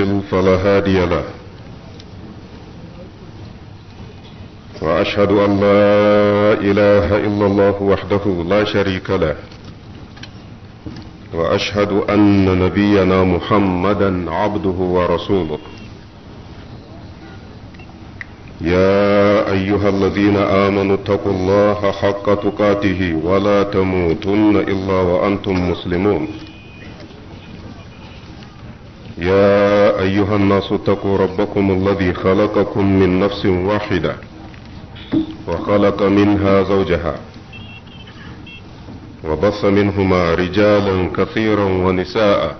فلا هادي له وأشهد أن لا إله إلا الله وحده لا شريك له وأشهد أن نبينا محمدا عبده ورسوله يا أيها الذين آمنوا اتقوا الله حق تقاته ولا تموتن إلا وأنتم مسلمون يا يا أيها الناس اتقوا ربكم الذي خلقكم من نفس واحدة وخلق منها زوجها وبص منهما رجالا كثيرا ونساء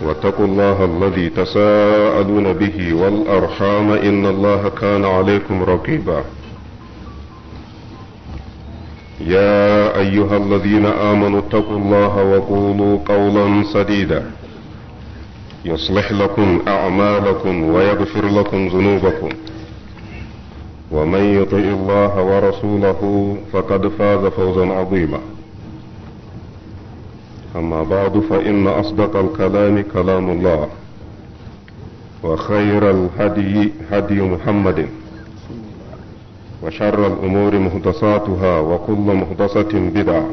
واتقوا الله الذي تساءلون به والأرحام إن الله كان عليكم رقيبا يا أيها الذين آمنوا اتقوا الله وقولوا قولا سديدا يصلح لكم أعمالكم ويغفر لكم ذنوبكم ومن يطع الله ورسوله فقد فاز فوزا عظيما أما بعد فإن أصدق الكلام كلام الله وخير الهدي هدي محمد وشر الأمور مهدساتها وكل مهدسة بدعة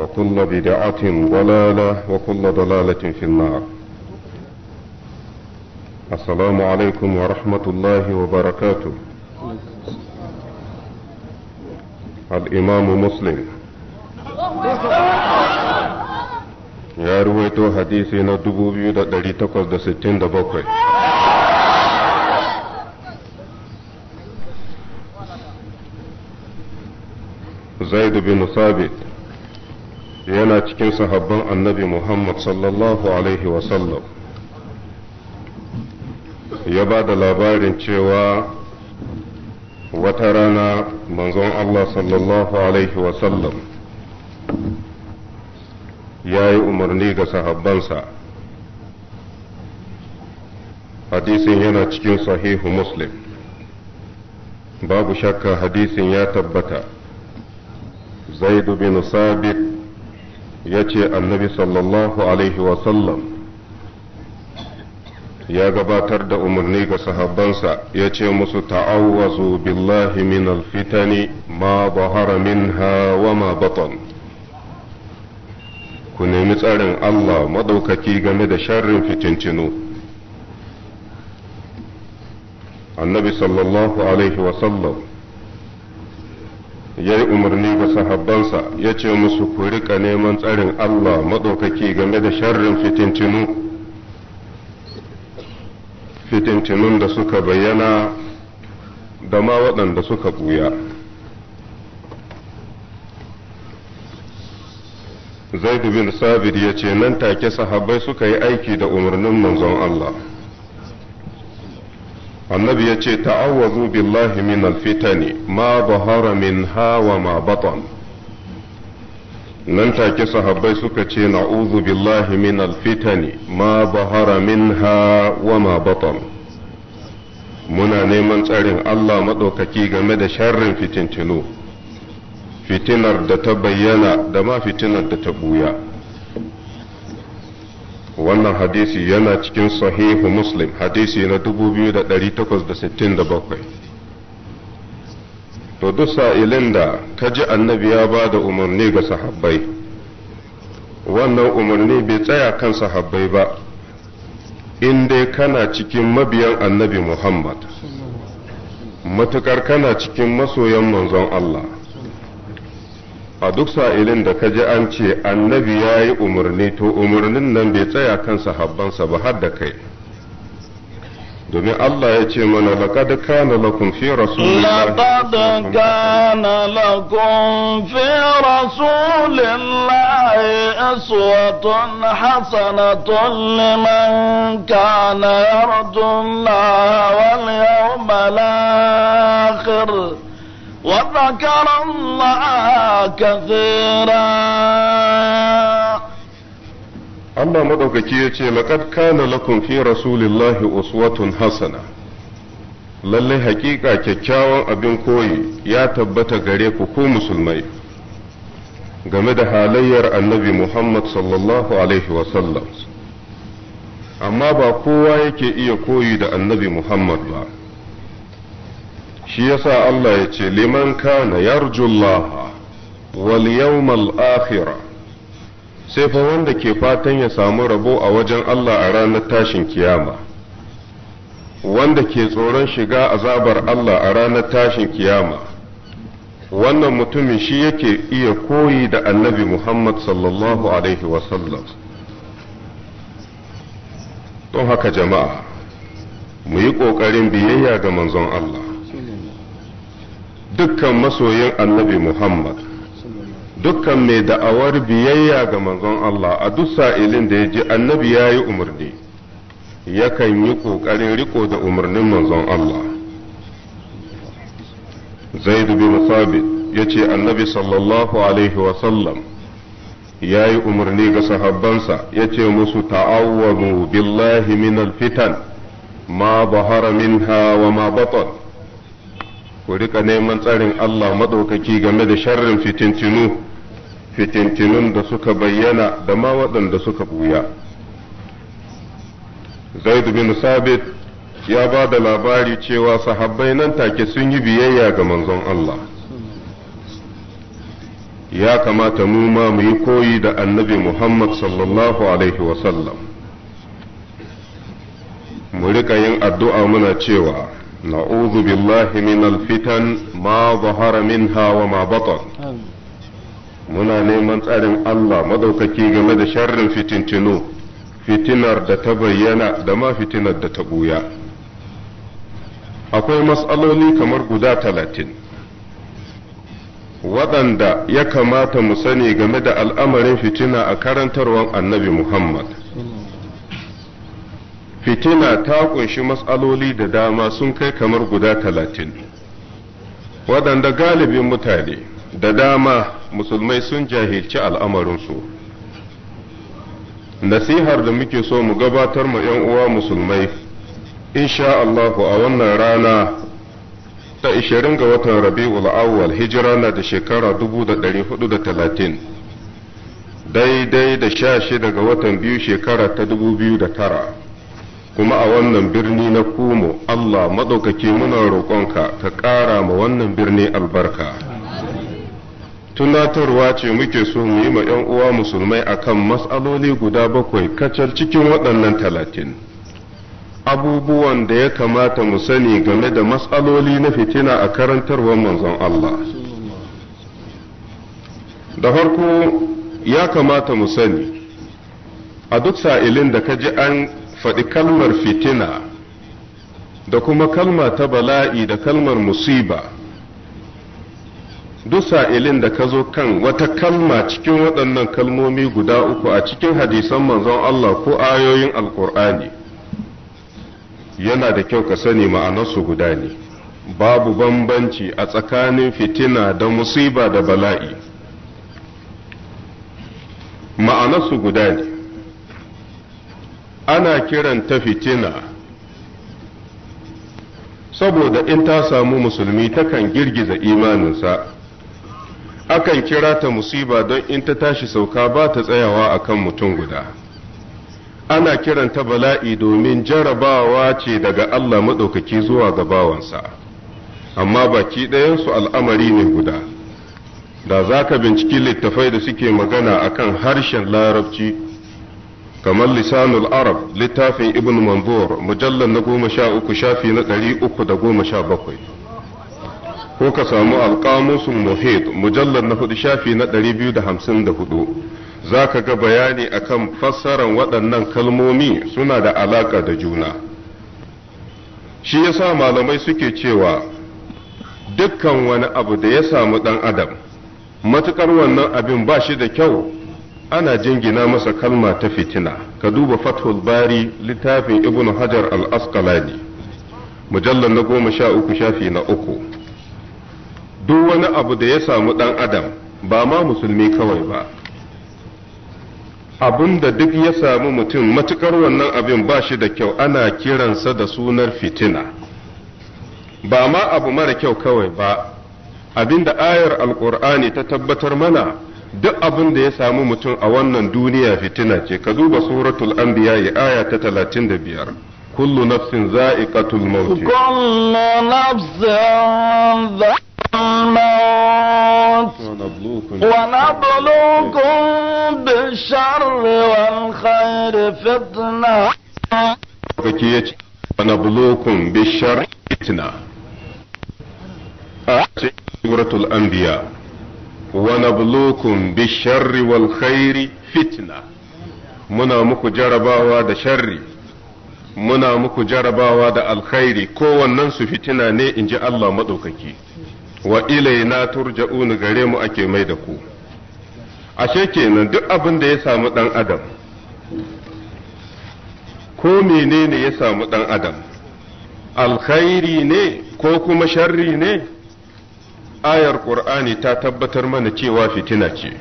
وكل بدعة ضلالة وكل ضلالة في النار السلام عليكم ورحمة الله وبركاته الإمام مسلم يا رويتو حديثنا دبو بيو دا داري تقص دا ستين دا بوكوي زيد بن ثابت yana cikin sahabban annabi Muhammad sallallahu Alaihi wasallam ya ba da labarin cewa wata rana manzon Allah sallallahu Alaihi wasallam ya yi umarni ga sahabbansa hadisin yana cikin sahihu muslim babu shakka hadisin ya tabbata zaidu bin sabit ya ce annabi sallallahu alaihi wasallam ya gabatar da umarni ga sahabbansa ya ce musu ta'awwazu billahi min alfitani ma bahara minha wa ma batan ku nemi tsarin Allah maɗaukaki game da sharrin fitincinu annabi sallallahu alaihi wasallam ya yi umarni ga sahabbansa ya ce musu ku riƙa neman tsarin Allah maɗaukaki game da sharrin fitincinu fitintinun da suka bayyana da ma waɗanda suka ɓuya zaidu bin sabir ya ce nan take sahabbai suka yi aiki da umarnin manzon Allah annabi ya ce ta'awwazu billahi min alfitani ma bahara min hawa ma baton. nan take sahabbai suka ce na'uzubillahi billahi min alfitani ma bahara minha wa ma batan muna neman tsarin Allah maɗaukaki game da sharrin fitintinu fitinar da ta bayyana da ma fitinar da ta buya wannan hadisi yana cikin sahihu muslim hadisi na 2867 to duk sa'ilin da ka ji annabi ya ba da umarni ga sahabbai wannan umarni bai tsaya kan sahabbai ba in dai kana cikin mabiyan annabi muhammad matukar kana cikin masoyan manzon allah a duk sa'ilin da ka ji an ce annabi ya yi umarni to umarnin nan bai tsaya kan sahabbansa ba har da kai domin Allah ya ce mana laqad kana lakum fi rasulillahi laqad kana lakum fi rasulillahi aswatun hasanatun liman kana yarju Allah wal yawmal akhir وذكر الله كثيرا Allah maɗaukaki ya ce laƙad kana lakum fi rasulillahi uswatun hasana lallai haƙiƙa kyakkyawan abin koyi ya tabbata gare ku ko musulmai game da halayyar annabi Muhammad sallallahu alaihi wasallam amma ba kowa yake iya koyi da annabi Muhammad ba shi yasa Allah ya ce liman kana yarjullaha wal yawmal akhirah sai fa wanda ke fatan ya samu rabo a wajen Allah a ranar tashin kiyama wanda ke tsoron shiga azabar Allah a ranar tashin kiyama wannan mutumin shi yake iya koyi da annabi Muhammad sallallahu alaihi wasallam don haka jama'a mu yi ƙoƙarin biyayya ga manzon Allah dukkan masoyin annabi Muhammad dukkan mai da'awar biyayya ga manzon Allah a duk sa'ilin da ya ji annabi ya yi umarni yakan yi ƙoƙarin riko da umarnin manzon Allah zaid bin sabit ya ce annabi sallallahu alaihi wasallam ya yi umarni ga sahabbansa ya ce musu ta'awwamu billahi min alfitan ma bahara minha wa ma baton. ku rika neman tsarin Allah maɗaukaki game da sharrin fitintinu fitintinun da suka bayyana da ma waɗanda suka buya zaid bin sabit ya ba da labari cewa sahabbai nan take sun yi biyayya ga manzon Allah ya kamata mu ma mu yi koyi da annabi Muhammad sallallahu alaihi wasallam mu riƙa yin addu'a muna cewa na'udhu billahi min alfitan ma zahara minha hawa ma batan muna neman tsarin Allah madaukaki game da sharrin fitintino fitinar da ta bayyana da ma fitinar da ta ɓuya akwai matsaloli kamar guda talatin waɗanda ya kamata mu sani game da al'amarin fitina a karantarwar annabi Muhammad. Fitina ta ƙunshi matsaloli da dama sun kai kamar guda talatin, waɗanda galibin mutane da dama musulmai sun jahilci al'amarinsu nasihar da muke so mu gabatar ma 'yan uwa musulmai insha Allah a wannan rana ta 20 ga watan rabi'ul awwal hijira na da shekara 1430 daidai da 16 ga watan biyu shekara ta 2009 kuma a wannan birni na kumo Allah maɗaukaki muna roƙonka ka ƙara ma wannan birni albarka tunatarwa ce muke so mu yi ma 'yan uwa musulmai akan matsaloli guda bakwai kacal cikin waɗannan talatin abubuwan da ya kamata mu sani game da matsaloli na fitina a karantarwar manzon Allah da farko ya kamata mu sani a duk sa'ilin da ka ji an faɗi kalmar fitina da kuma kalma ta bala'i da kalmar musiba duk sa'ilin da ka zo kan wata kalma cikin waɗannan kalmomi guda uku a cikin hadisan manzon Allah ko ayoyin alkur'ani yana da kyau ka sani ma'anarsu guda ne babu bambanci a tsakanin fitina da musiba da bala'i ma'anarsu guda ne ana kiranta fitina saboda in ta samu musulmi takan girgiza imaninsa akan kira ta musiba don in ta tashi sauka ba ta tsayawa a kan mutum guda ana kiranta bala'i domin jarabawa ce daga Allah maɗaukaki zuwa gabawansa. bawansa amma baki ɗayansu al'amari ne guda da za ka binciki littafai da suke magana a kan harshen larabci kamar lisanul arab littafin ibn manzur mujallar na goma sha uku shafi na ɗari uku da goma sha bakwai ko ka samu alƙamusun muhit mujallar na hudu shafi na 254 za ka ga bayani akan fassarar waɗannan kalmomi suna da alaƙa da juna shi yasa malamai suke cewa dukkan wani abu da ya samu ɗan adam matuƙar wannan abin ba shi da kyau ana jingina masa kalma ta fitina ka duba fathul bari littafin ibnu hajar al-asqalani mujallar na goma sha uku shafi na uku duk wani abu da ya samu ɗan adam ba ma musulmi kawai ba abin da duk ya samu mutum matukar wannan abin ba shi da kyau ana kiransa da sunar fitina ba ma abu mara kyau kawai ba abin da ayar alkur'ani ta tabbatar mana duk abin da ya samu mutum a wannan duniya fitina ce ka duba suratul anbiya aya ta talatin da biyar kullu nafsin za'iqatul maut kullu الموت ونبلوكم بالشر والخير فتنة ونبلوكم بالشر فتنة سورة الأنبياء ونبلوكم بالشر والخير فتنة منا مكو جربا واد شر منا مكو جربا واد الخير كو فتنة ني إنجي الله مدوككي wa na turja'un gare mu ake mai da ku ashe kenan duk abin da ya samu dan adam ko menene ya samu dan adam alkhairi ne ko kuma sharri ne ayar qur'ani ta tabbatar mana cewa fitina ce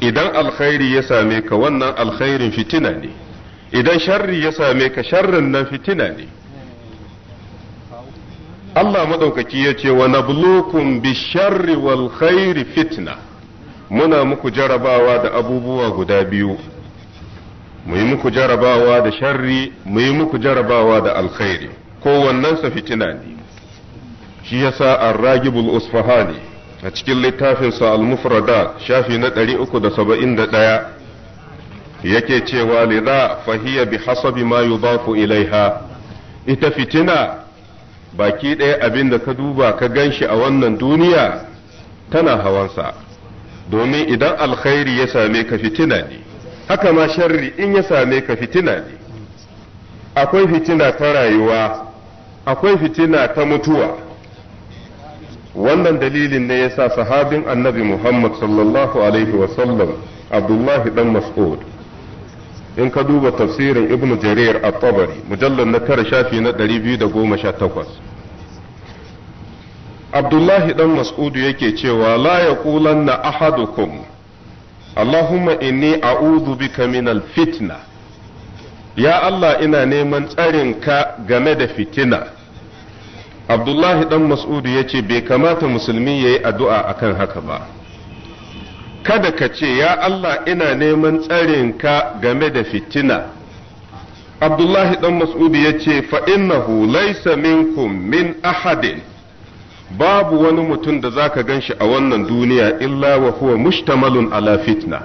idan alkhairi ya same ka wannan alkhairin fitina ne idan sharri ya same ka sharrin nan fitina ne Allah maɗaukaki ya ce wa nablukum bi sharri wal khairi fitna muna muku jarabawa da abubuwa guda biyu mu yi muku jarabawa da sharri mu yi muku jarabawa da alkhairi kowannensa fitina ne shi yasa ar-ragibul usfahani a cikin littafinsa al-mufrada shafi na 371 yake cewa lidha fahiya bi hasabi ma yudafu ilaiha ita fitina baki ɗaya abin da ka duba ka gan shi a wannan duniya tana hawansa domin idan alkhairi ya same ka fitina ne haka ma sharri in ya same ka fitina ne akwai fitina ta rayuwa akwai fitina ta mutuwa wannan dalilin ne sa sahabin annabi muhammad sallallahu alaihi wasallam abdullahi dan mas'ud in ka duba tafsirin Ibn jarir a tabari mujallal na tara shafi na 218 abdullahi dan mas'udu yake cewa la yaqulanna ahadukum allahumma inni a'udhu bika minal fitna ya allah ina neman tsarin ka game da fitina abdullahi dan mas'udu ya ce bai kamata musulmi yayi addu'a akan haka ba kada ka ce ya Allah ina neman tsarinka game da fitina Abdullahi Dan Mas'udi ya ce fa'innahu laisa minkum min ahadin babu wani mutum da za ka gan shi a wannan duniya illa wa huwa mushtamalun ala fitina.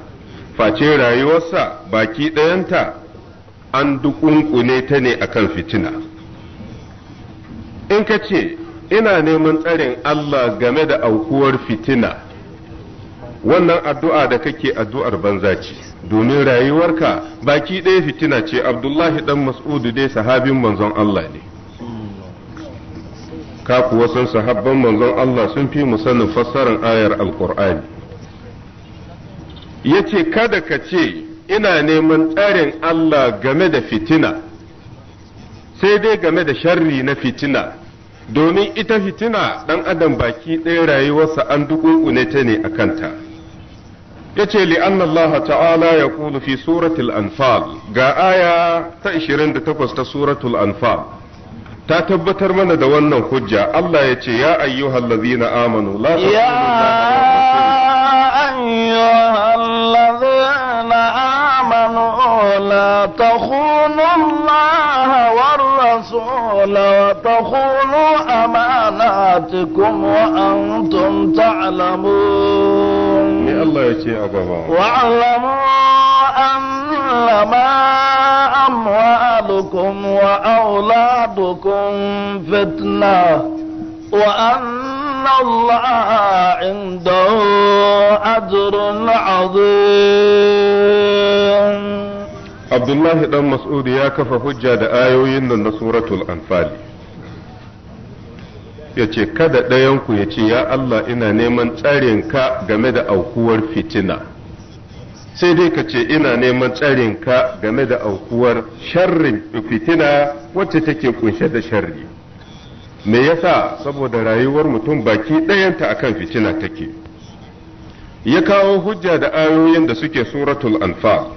face rayuwarsa baki ɗayanta an dukunkune ta ne akan fitina in ka ce ina neman tsarin Allah game da aukuwar fitina wannan addu'a da kake addu'ar banza ce domin rayuwarka baki ɗaya fitina ce abdullahi ɗan mas'udu dai sahabin manzon Allah ne ka kuwa san sahabban manzon Allah sun fi mu sanin fassarar ayar alkur'ani ce kada ka ce ina neman tsarin Allah game da fitina sai dai game da sharri na fitina domin ita fitina ɗan adam baki ɗaya rayuwarsa an ne ta ne a kanta yace li anna Allah ta'ala yaqulu fi suratul anfal ga aya ta 28 ta suratul anfal ta tabbatar mana da wannan hujja Allah yace ya amanu ce ya ayyuhallazina amanu la لا تخونوا wa والرسول وتخونوا أماناتكم وأنتم تعلمون الله يجي أبابا وعلموا أن ما أموالكم وأولادكم فتنة وأن الله عنده أجر عظيم عبد الله بن مسعود يا كف حجة آية إن سورة الأنفال ya ce kada ɗayanku ya ce ya Allah ina neman tsarinka game da aukuwar fitina sai dai ka ce ina neman tsarin ka game da aukuwar sharrin fitina wacce take kunshe da sharri me yasa saboda rayuwar mutum baki ɗayanta akan fitina take ya kawo hujja da ayoyin da suke suratul anfal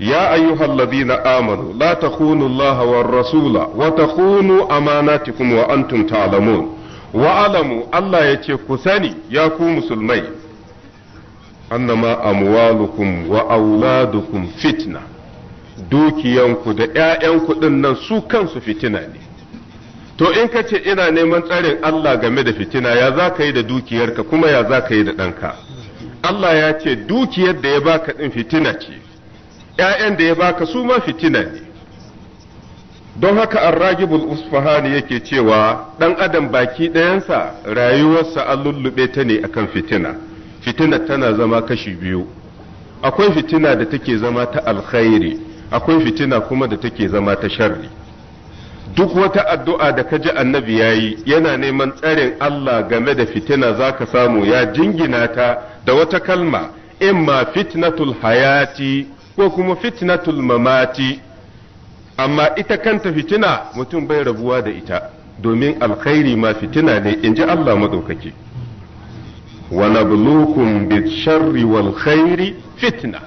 يا أيها الذين آمنوا لا تخونوا الله والرسول وتخونوا أماناتكم وأنتم تعلمون وعلموا الله يتشكسني يا كو مسلمي أنما أموالكم وأولادكم فتنة دوكي ينكو ‘ya'yanku ينكو nan su kansu fitina ne, to in ka ce ina neman tsarin Allah game da fitina ya za ka yi da dukiyarka kuma ya za ka yi da ɗanka, Allah ya ce dukiyar da ya baka ɗin fitina ce, ‘ya'yan da ya baka su ma fitina ne don haka arragibul usfahani yake cewa ɗan adam baki ɗayansa rayuwarsa an lullube ta ne akan fitina fitina tana zama kashi biyu akwai fitina da take zama ta alkhairi akwai fitina kuma da take zama ta sharri duk wata addu'a da ka ji annabi ya yi yana neman tsarin Allah game da fitina za ka samu ya jingina ta da wata kalma imma fitnatul hayati ko kuma fitnatul mamati amma ita kanta fitina mutum bai rabuwa da ita domin alkhairi ma fitina ne in ji Allah maɗaukaki wa nabluukum bisharri wal khairi fitna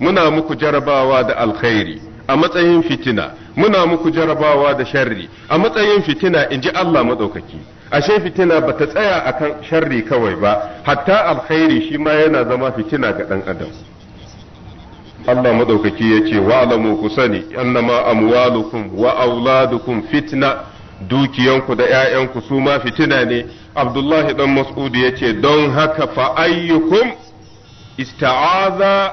muna muku jarabawa da alkhairi a matsayin fitina muna muku jarabawa da sharri a matsayin fitina in ji Allah maɗaukaki ashe fitina ba ta tsaya akan sharri kawai ba hatta alkhairi shi ma yana zama fitina ga ɗan adam Allah madaukaki yace wa'lamu ku sani annama amwalukum wa auladukum fitna dukiyanku da ‘ya'yanku su ma fitina ne, Abdullahi ɗan Mas'udi ya ce, Don haka fa'ayyukum ista'aza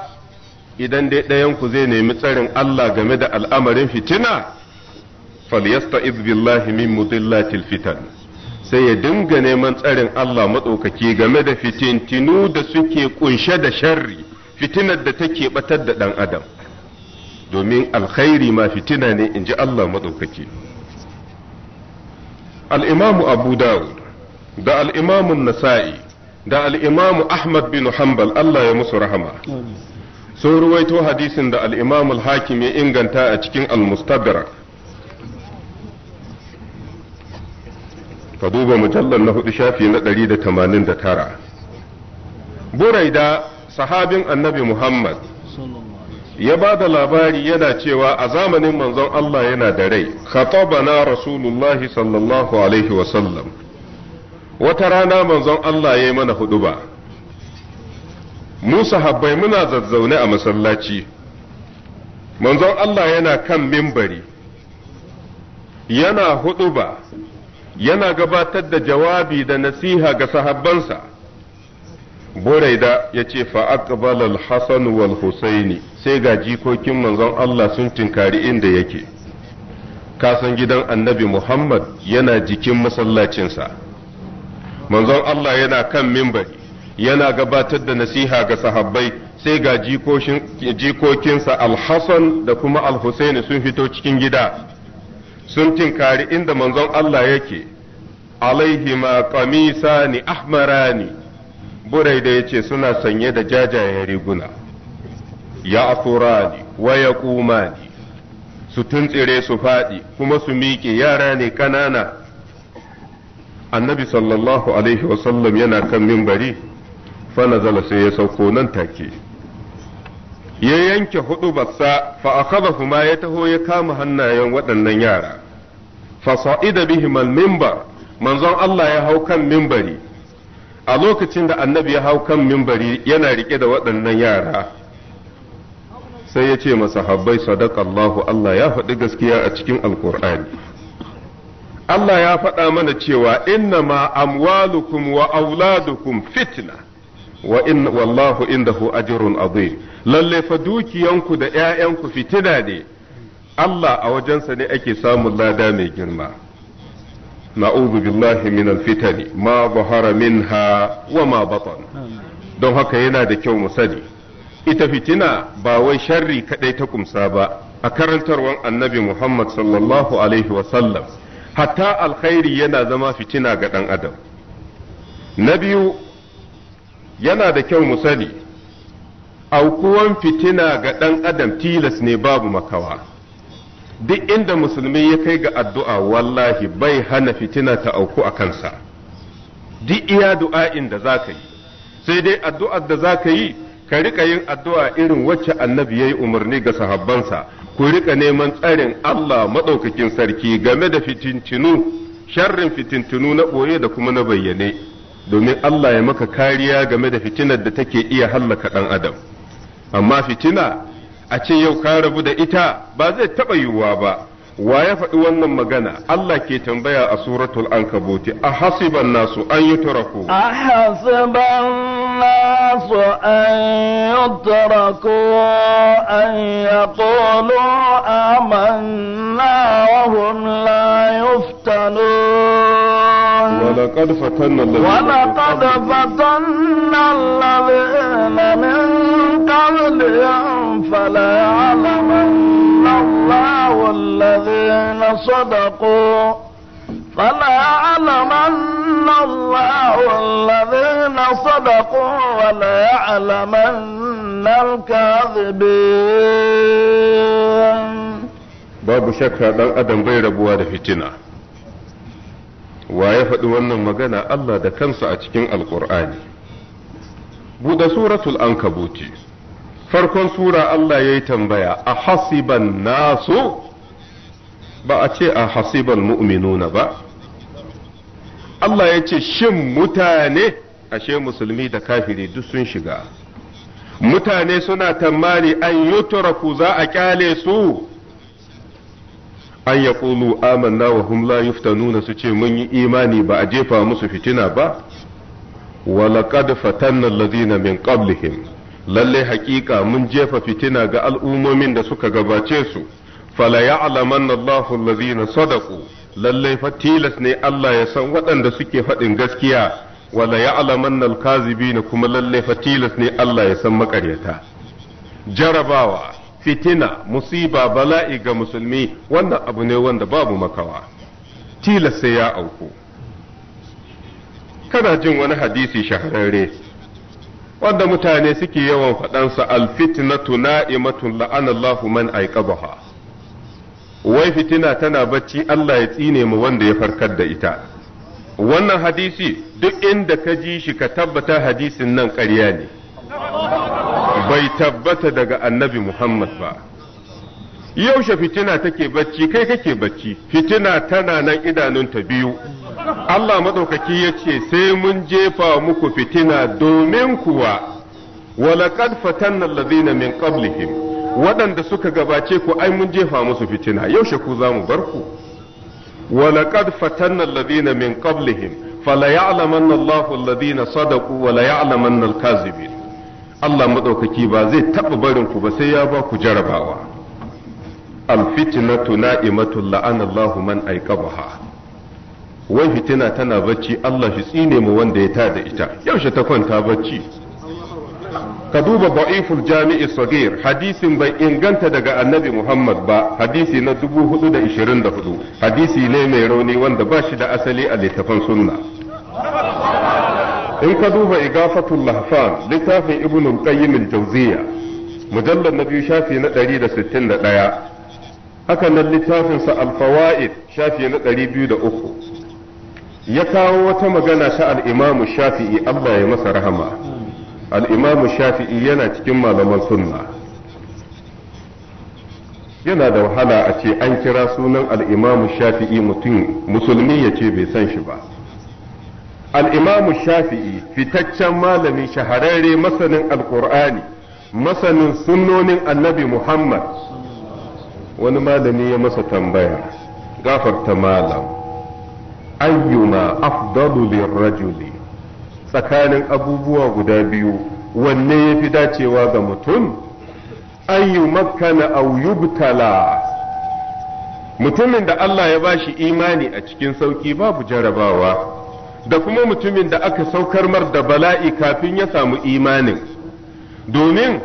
idan dai ɗayanku zai nemi tsarin Allah game da al'amarin fitina, falyasta billahi min mudillatil fitan. Sai ya dinga neman tsarin Allah maɗaukaki game da fitintinu da suke ƙunshe da sharri. fitinar da take batar da ɗan adam domin alkhairi ma fitina ne in ji Allah maɗaukaki al'imamu abu dawud da al'imamun nasa'i da al'imamu ahmad bin hanbal Allah ya musu rahama sun ruwaito hadisin da al'imamul hakim ya inganta a cikin al-mustadrak ka duba mujallar na hudu shafi na 189 buraida sahabin annabi Muhammad ya ba da labari yana cewa a zamanin manzon Allah yana da rai khatabana rasulullahi sallallahu alaihi wasallam wata rana manzon Allah ya yi mana huduba mu Habbai muna zazzaune a masallaci manzon Allah yana kan mimbari yana huduba yana gabatar da jawabi da nasiha ga sahabbansa buraida ya ce fa'aƙabal al-hassan wal husaini sai ga jikokin manzon Allah sun tinkari inda yake kasan gidan annabi Muhammad yana jikin masallacinsa manzon Allah yana kan mimbari yana gabatar da nasiha ga sahabbai sai ga jikokinsa al-hassan da kuma al-husaini sun fito cikin gida sun tinkari inda manzon Allah yake alaihima qamisani ahmarani burai da ya ce suna sanye da jajayen riguna ya afurani waya kuma kumani su tuntsire su faɗi kuma su miƙe yara ne ƙanana annabi sallallahu alaihi wasallam yana kan mimbari zala sai ya sauko nan take ya yanke hudu basa fa akhadahu ma ya taho ya kama hannayen waɗannan yara fa sa'ida bihim al-mimbar manzon Allah ya hau kan mimbari a lokacin da annabi ya hau kan mimbari yana rike da waɗannan yara sai ya ce masahabbai Allahu Allah ya faɗi gaskiya a cikin alkur'ani Allah ya faɗa mana cewa inna ma amwalukum wa auladukum fitna wa in wallahu indahu ajrun azim lalle fa dukiyanku da ƴaƴanku fitina ne Allah a wajensa ne ake samun lada mai girma na'udhu billahi min alfitani ma zahara minha wa ma batan don haka yana da kyau mu sani ita fitina ba wai sharri kadai ta kumsa ba a karantarwan annabi Muhammad sallallahu alaihi wa sallam hatta alkhairi yana zama fitina ga dan adam na biyu yana da kyau mu sani aukuwan fitina ga dan adam tilas ne babu makawa duk inda musulmi ya kai ga addu'a wallahi bai hana fitina ta auku a kansa duk iya du'a'in da za ka yi sai dai addu'ar da za ka yi ka rika yin addu'a irin wacce annabi ya yi umarni ga sahabbansa ku rika neman tsarin Allah maɗaukakin sarki game da fitintinu sharrin fitintinu na ɓoye da kuma na bayyane domin Allah ya maka kariya game da fitinar da take iya hallaka ɗan adam amma fitina a ce yau ka rabu da ita ba zai taɓa yiwuwa ba wa ya faɗi wannan magana Allah ke tambaya a suratul ankabuti a hasiban nasu an yi turako a hasiban الناس أن يتركوا أن يقولوا آمنا وهم لا يفتنون ولقد فتنا الذين ولقد فتنا الذين من قبلهم فليعلمن الله الذين صدقوا فليعلمن الله الذين صدقوا وليعلمن الكاذبين babu shakka ɗan adam bai rabuwa da fitina wa ya faɗi wannan magana Allah da kansa a cikin alƙur'ani buɗe suratul ankabuti farkon sura Allah ya yi tambaya a hasiban nasu ba a ce a hasiban mu'minuna ba Allah ya ce shin mutane ashe musulmi da kafiri duk sun shiga mutane suna tamari an yutraku za a kyale su an ya ƙulu amanna wa hum la yuftanuna su ce mun yi imani ba a jefa musu fitina ba walaƙad fatanna alladhina min qablihim lalle haƙiƙa mun jefa fitina ga al'ummomin da suka gabace su fala ya'lamanna Allahu alladhina sadaku lallai fa tilas ne Allah ya san waɗanda suke faɗin gaskiya wala ya'lamanna al-kazibina kuma lallai fa tilas ne Allah ya san makaryata jarabawa fitina musiba bala'i ga musulmi wannan abu ne wanda babu makawa tilas sai ya auku kana jin wani hadisi shahararre wanda mutane suke yawan faɗansa al-fitnatu na'imatun la'anallahu man aiqabaha wai fitina tana bacci Allah ya tsine mu wanda ya farkar da ita wannan hadisi duk inda ka ji shi ka tabbata hadisin nan ƙarya ne bai tabbata daga annabi Muhammad ba yaushe fitina take bacci kai kake bacci fitina tana nan idanunta biyu Allah madaukaki ya ce sai mun jefa muku fitina domin kuwa walaƙad fatanna allazina min qablihim waɗanda suka gabace ku ai mun jefa musu fitina yaushe ku za mu bar ku ولقد فتنا الذين من قبلهم فليعلمن الله الذين صدقوا وليعلمن الكاذبين Allah maɗaukaki ba zai taɓa barin ku ba sai ya ba ku jarabawa alfitinatu na'imatul la'ana Allahu man aiqabaha wai fitina tana bacci Allah shi tsine mu wanda ya tada ita yaushe ta kwanta bacci ka duba ba'iful jami'i sagir hadisin bai inganta daga annabi Muhammad ba hadisi na 424 hadisi ne mai rauni wanda ba shi da asali a littafan sunna in ka duba igafatul lahfan littafin ibn al-qayyim al-jawziya mujallad na biyu shafi na 161 haka nan littafin sa al-fawaid shafi na 203 ya kawo wata magana ta al-imam shafi'i Allah ya masa rahama al'imamu shafi'i yana cikin malaman sunna yana da wahala a ce an kira sunan al'imamu shafi'i mutum musulmi ya ce bai san shi ba al'imamu shafi'i fitaccen malami shahararre masanin alƙur'ani masanin sunnonin annabi muhammad wani malami ya masa tambaya gafarta malam ayyuma afdalu lirrajuli tsakanin abubuwa guda biyu wanne ya fi dacewa ga mutum an yi makana auyubtala mutumin da Allah ya ba shi imani a cikin sauki babu jarabawa da kuma mutumin da aka saukar mar da bala'i kafin ya samu imanin domin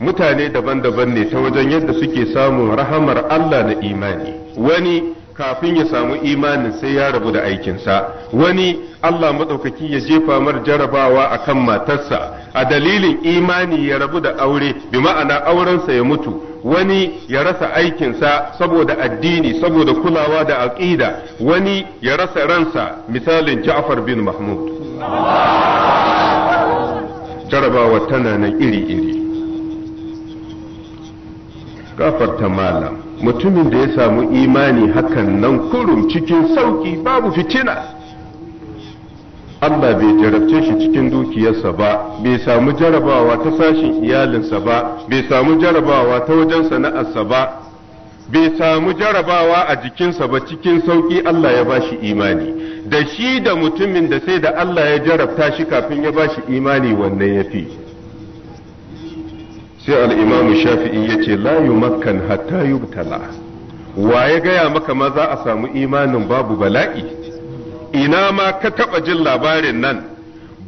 mutane daban-daban ne ta wajen yadda suke samun rahamar Allah na imani wani kafin ya samu imanin sai ya rabu da aikinsa wani Allah maɗaukaki ya jefa mar jarabawa a kan matarsa a dalilin imani ya rabu da aure bi ma'ana aurensa ya mutu wani ya rasa aikinsa saboda addini saboda kulawa da aƙida wani ya rasa ransa misalin Ja'far bin Mahmud jarabawa tana nan iri-iri Kafar ta malam mutumin da ya samu imani hakan nan kurum cikin sauki babu fitina Allah bai jarabce shi cikin dukiyarsa ba bai samu jarabawa ta sashin iyalinsa ba bai samu jarabawa ta wajen sana'arsa ba bai samu jarabawa a jikinsa ba cikin sauki Allah ya bashi imani da shi da mutumin da sai da Allah ya jarabta shi kafin ya bashi imani wannan ya fi sai al'imamu shafi'i ya ce layu makkan hatta yubtala wa ya gaya maka ma za a samu imanin babu bala'i ina ma ka taɓa jin labarin nan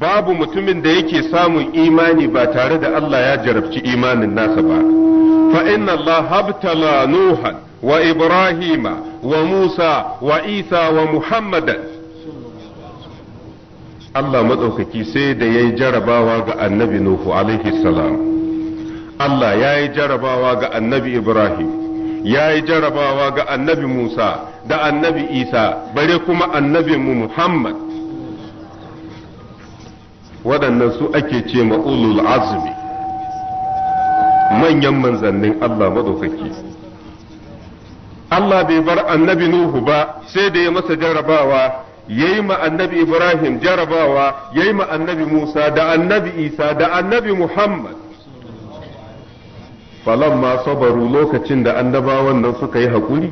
babu mutumin da yake samun imani ba tare da Allah ya jarabci imanin nasa ba fa inna Allah habtala wa ibrahima wa musa wa isa wa muhammadan Allah matsaukaki sai da ya jarabawa ga annabi Nuhu alaihi Allah ya yi jarabawa ga annabi Ibrahim ya yi jarabawa ga annabi Musa da annabi Isa bare kuma annabi mu Muhammad waɗannan su ake ce ulul azumi manyan manzannin Allah maɗaukaki Allah bai bar annabi Nuhu ba sai da ya masa jarabawa yayi ma annabi Ibrahim jarabawa yayi ma annabi Musa da annabi Isa da annabi Muhammad ma sabaru lokacin da annabawan nan suka yi haƙuri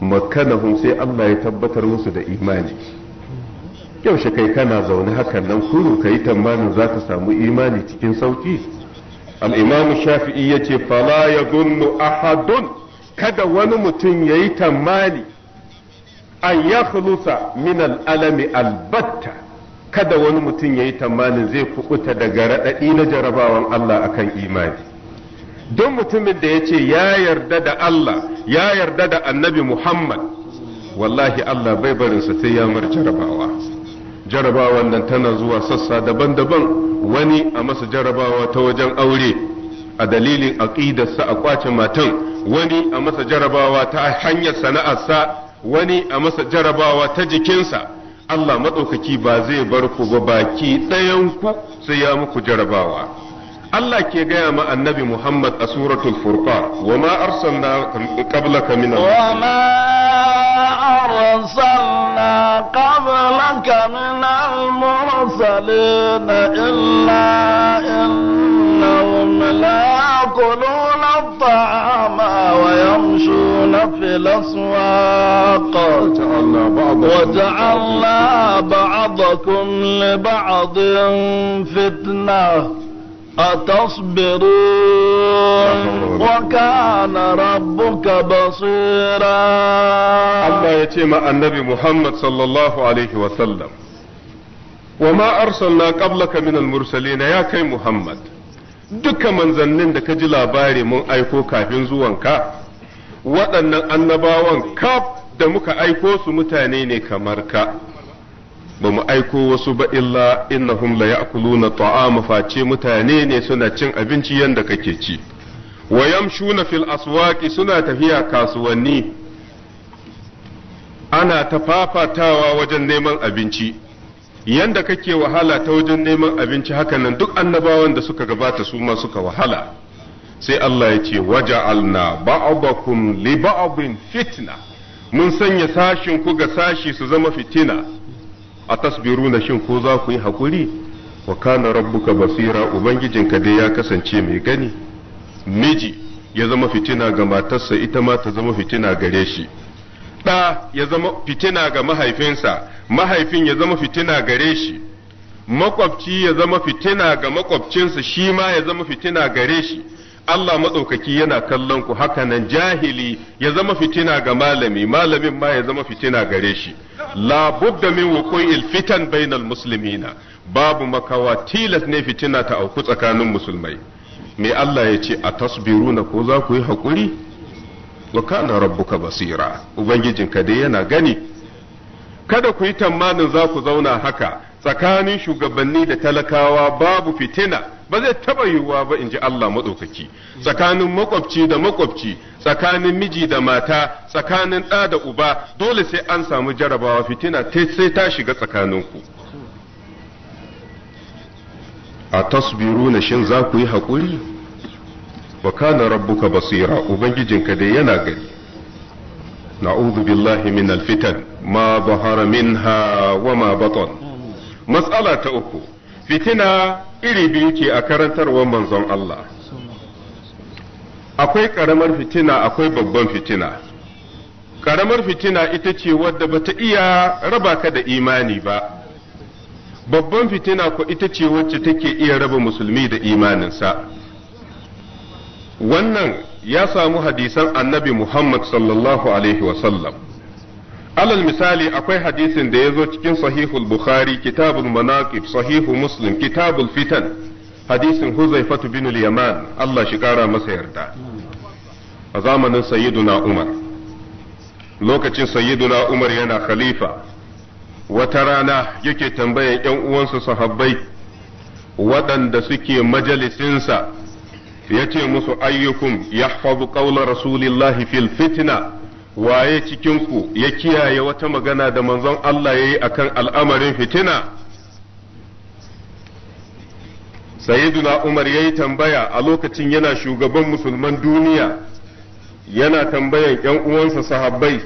makkanahum sai Allah ya tabbatar musu da imani yaushe kai kana zaune hakan nan kuru ka yi tambanin za ka samu imani cikin sauki al'imamu shafi'i ya ce fala ya gunnu ahadun kada wani mutum ya yi tamani an ya min al'alami albatta kada wani mutum ya yi tamanin zai kubuta daga raɗaɗi na jarabawan Allah akan imani Don mutumin da ya ce ya yarda da Allah ya yarda da annabi Muhammad wallahi Allah bai barinsa sai ya mar jarabawa jarabawa nan tana zuwa sassa daban-daban wani a masa jarabawa ta wajen aure a dalilin aƙidarsa a kwace matan wani a masa jarabawa ta hanyar sana'arsa wani a masa jarabawa ta jikinsa Allah maɗaukaki ba zai bar ku ba baki ɗayan ku sai ya muku jarabawa الله كي مع النبي محمد سورة الفرقان وما أرسلنا قبلك من الرسل وما أرسلنا قبلك من المرسلين إلا إنهم لا يأكلون الطعام ويمشون في الأسواق وجعلنا, بعضكم, وجعلنا بعضكم لبعض فتنة أتصبرون وكان ربك بصيرا الله يتيما النبي محمد صلى الله عليه وسلم وما أرسلنا قبلك من المرسلين يا كي محمد duka manzannin da ka ji labari mun aiko kafin zuwanka waɗannan annabawan kaf da muka aiko su mutane ne kamar ka ba mu aiko wasu ba illa innahum la ya'kuluna ta'ama face mutane ne suna cin abinci yanda kake ci wa yamshuna fil aswaqi suna tafiya kasuwanni ana tafafatawa wajen neman abinci yanda kake wahala ta wajen neman abinci hakanan duk annabawan da suka gabata su ma suka wahala sai Allah ya ce waja'alna ba'dakum li ba'din fitna mun sanya sashin ku ga sashi su zama fitina a tasbiru na shin ko za ku yi hakuri. wa kana rabbuka basira ubangijinka dai ya kasance mai gani miji ya zama fitina ga matarsa ita ma ta zama fitina gare shi ɗa ya zama fitina ga mahaifinsa mahaifin ya zama fitina gare shi makwabci ya zama fitina ga makwabcinsa shi ma ya zama fitina gare shi Allah matsaukaki yana kallon ku haka nan jahili ya zama fitina ga malami malamin ma ya zama fitina gare shi la min wuqu'il fitan bainal muslimina babu makawa tilas ne fitina ta auku tsakanin musulmai me Allah ya ce a tasbiruna ko za ku yi hakuri wa kana rabbuka basira Ubangijin dai yana gani kada ku yi tamanin za ku zauna haka tsakanin shugabanni da talakawa babu fitina ba zai taba yiwuwa ba in ji Allah matsaukaki tsakanin makwabci da makwabci tsakanin miji da mata tsakanin ɗa da uba dole sai an samu jarabawa fitina sai ta shiga tsakaninku a tasbiru na shin za ku yi haƙuri wa kana rabbuka basira ubangijinka dai yana gari na'udhu billahi min alfitan ma bahara minha wa ma batan Matsala ta uku fitina iri biyu ce a karantarwar manzon Allah akwai ƙaramar fitina akwai babban fitina karamar fitina ita ce wadda bata iya raba ka da imani ba babban fitina ko ita ce wacce take iya raba musulmi da imaninsa wannan ya samu hadisan annabi muhammad sallallahu alaihi wasallam alal misali akwai hadisin da ya zo cikin sahihul bukhari kitabul manaqib sahihu muslim kitabul fitan hadisin huzaifatu bin yaman Allah shi kara masa yarda a zamanin sayyiduna umar lokacin sayyiduna umar yana khalifa wata rana yake tambayan yan uwansa sahabbai waɗanda suke majalisinsa ya ce musu ayyukum yahfazu qawla rasulillahi fil fitna waye cikinku ya kiyaye wata magana da manzon Allah ya yi a al'amarin fitina sayyiduna umar ya yi tambaya a lokacin yana shugaban musulman duniya yana tambayan ‘yan uwansa sahabbai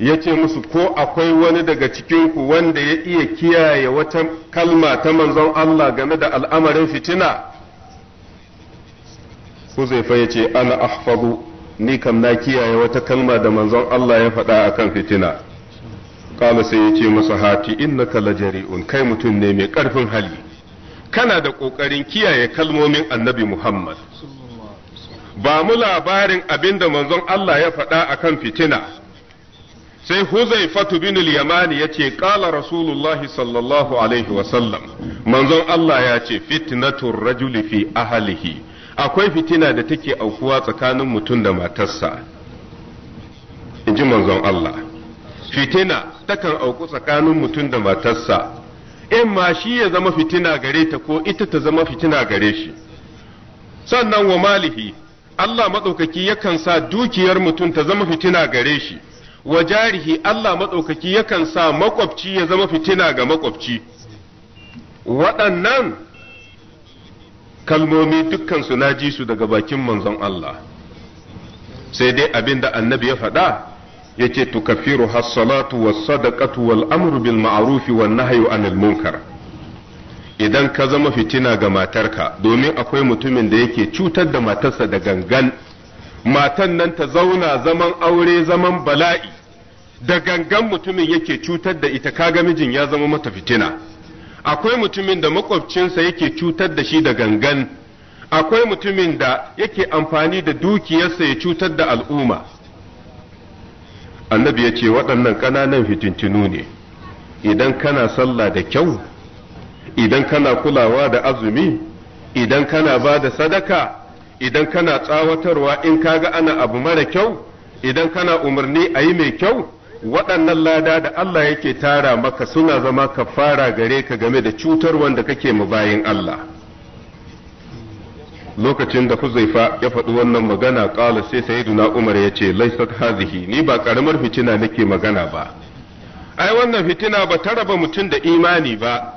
ya ce musu ko akwai wani daga cikinku wanda ya iya kiyaye wata kalma ta manzon Allah game da al'amarin fitina Huzaifa zai ce ana ahfazu ni kam na kiyaye wata kalma da manzon Allah ya faɗa akan fitina kala sai ya ce masa hati innaka lajari'un kai mutum ne mai ƙarfin hali kana da ƙoƙarin kiyaye kalmomin annabi Muhammad ba mu labarin abin da manzon Allah ya faɗa akan fitina sai Huzaifatu bin al-Yamani yace ƙala Rasulullahi sallallahu alaihi wa sallam manzon Allah ya ce fitnatur rajuli fi ahlihi akwai fitina da take aukuwa tsakanin mutum da matarsa in ji manzon Allah fitina takan auku tsakanin mutum da matarsa in ma shi ya zama fitina gare ta ko ita ta zama fitina gare shi sannan wa malihi Allah maɗaukaki yakan sa dukiyar mutum ta zama fitina gare shi wa jarihi Allah maɗaukaki yakan sa makwabci ya zama fitina ga makwabci waɗannan kalmomi dukkansu na ji su daga bakin manzon Allah sai dai abin da annabi ya faɗa yake tukaffiru hassalatu was sadaqatu wal amru bil ma'ruf wan nahyu anil munkar idan ka zama fitina ga matarka domin akwai mutumin da yake cutar da matarsa da gangan matan nan ta zauna zaman aure zaman bala'i da gangan mutumin yake cutar da ita kaga mijin ya zama mata fitina akwai mutumin da makwabcinsa yake cutar da shi da gangan akwai mutumin da yake amfani da dukiyarsa ya cutar da al'umma annabi ya ce waɗannan ƙananan fitintinu ne idan kana sallah da kyau idan kana kulawa da azumi idan kana ba da sadaka idan kana tsawatarwa in kaga ana abu mara kyau idan kana umarni a yi mai kyau waɗannan lada da Allah yake tara maka suna zama ka fara gare ka game da cutar wanda kake mu bayin Allah lokacin da kuzaifa ya faɗi wannan magana ƙala sai sayyiduna Umar ya ce laisat hazihi ni ba ƙaramar fitina nake magana ba ai wannan fitina ba ta raba mutum da imani ba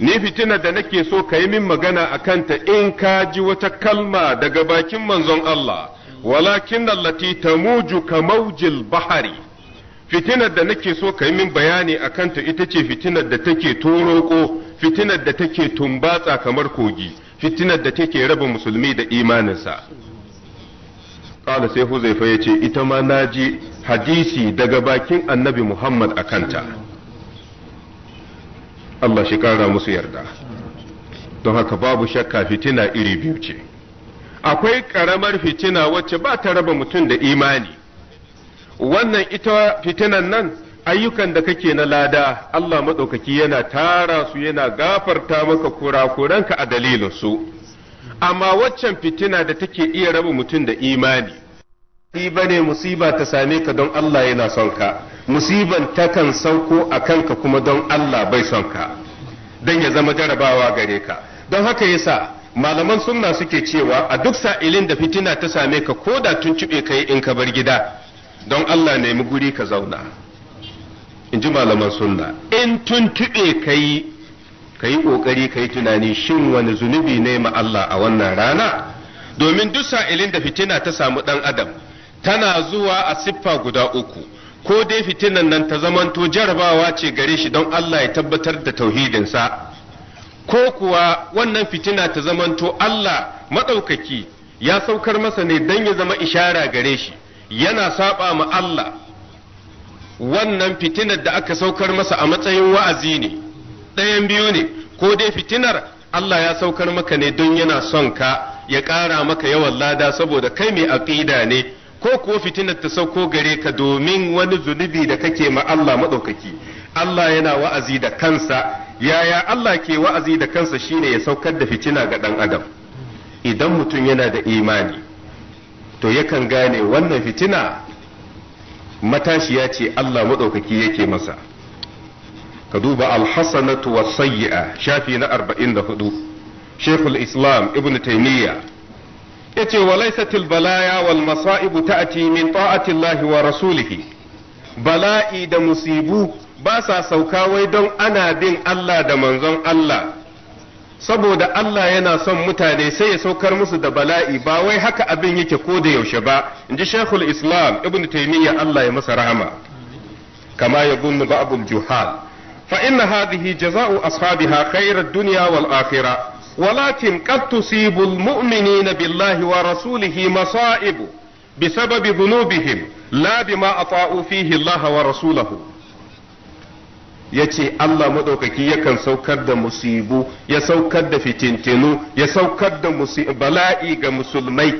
ni fitina da nake so ka yi min magana a kanta in ka ji wata kalma daga bakin manzon Allah walakin allati tamuju ka maujil bahari fitinar da nake so ka yi min bayani a kanta ita ce fitinar da take toroko fitinar da take tumbatsa kamar kogi fitinar da take raba musulmi da imaninsa ƙala sai huzaifa ya ce ita ma na ji hadisi daga bakin annabi muhammad a kanta Allah shi ƙara musu yarda don haka babu shakka fitina iri biyu ce akwai ƙaramar fitina wacce ba ta raba mutum da imani wannan ita fitinan nan ayyukan da kake na lada Allah maɗaukaki yana tara su yana gafarta maka ka a dalilin su amma waccan fitina da take iya raba mutum da imani ba ne musiba ta same ka don Allah yana son ka musiban takan sauko a kanka kuma don Allah bai son ka don ya zama jarabawa gare ka don haka yasa malaman sunna suke cewa a duk sa'ilin da fitina ta same ka ko da tun cibe kai in ka bar gida don Allah nemi guri ka zauna in ji malaman sunna in tuntuɓe ka yi ka yi ƙoƙari ka yi tunani shin wani zunubi ne ma Allah a wannan rana domin duk sa'ilin da fitina ta samu ɗan adam tana zuwa a siffa guda uku ko dai fitinan nan ta zamanto jarabawa ce gare shi don Allah ya tabbatar da tauhidinsa ko kuwa wannan fitina ta zamanto Allah maɗaukaki ya saukar masa ne don ya zama ishara gare shi yana saba ma Allah wannan fitinar da aka saukar masa a matsayin wa'azi ne ɗayan biyu ne ko dai fitinar Allah ya saukar maka ne don yana son ka ya ƙara maka yawan lada saboda kai mai aƙida ne ko kuwa fitinar ta sauko gare ka domin wani zunubi da kake ma Allah maɗaukaki Allah yana wa'azi da kansa yaya Allah ke wa'azi da kansa shine ya saukar da fitina ga ɗan adam idan mutum yana da imani to yakan gane wannan fitina matashiya ce Allah maɗaukaki yake masa ka duba alhassanatu wa shafi na 44 shekul islam ibn taimiyya ya ce wa laisatil balaya wal masa'ibu ta'ati min ta'atillahi wa rasulihi bala'i da musibu ba sa sauka wai don ana bin Allah da manzon Allah saboda Allah yana son mutane sai ya saukar musu da bala'i ba wai haka abin yake ko da yaushe ba in ji shekul islam ibn taimiyya Allah ya masa rahama kama ya gunnu ba'abul juhal fa inna hadhihi jaza'u ashabiha khairar dunya wal akhirah walakin qad tusibu al mu'minina billahi wa rasulihi masa'ibu بسبب ذنوبهم لا بما أطاعوا فيه wa ورسوله ya ce Allah maɗaukaki yakan saukar da musibu ya saukar da fitintinu ya saukar da bala'i ga musulmai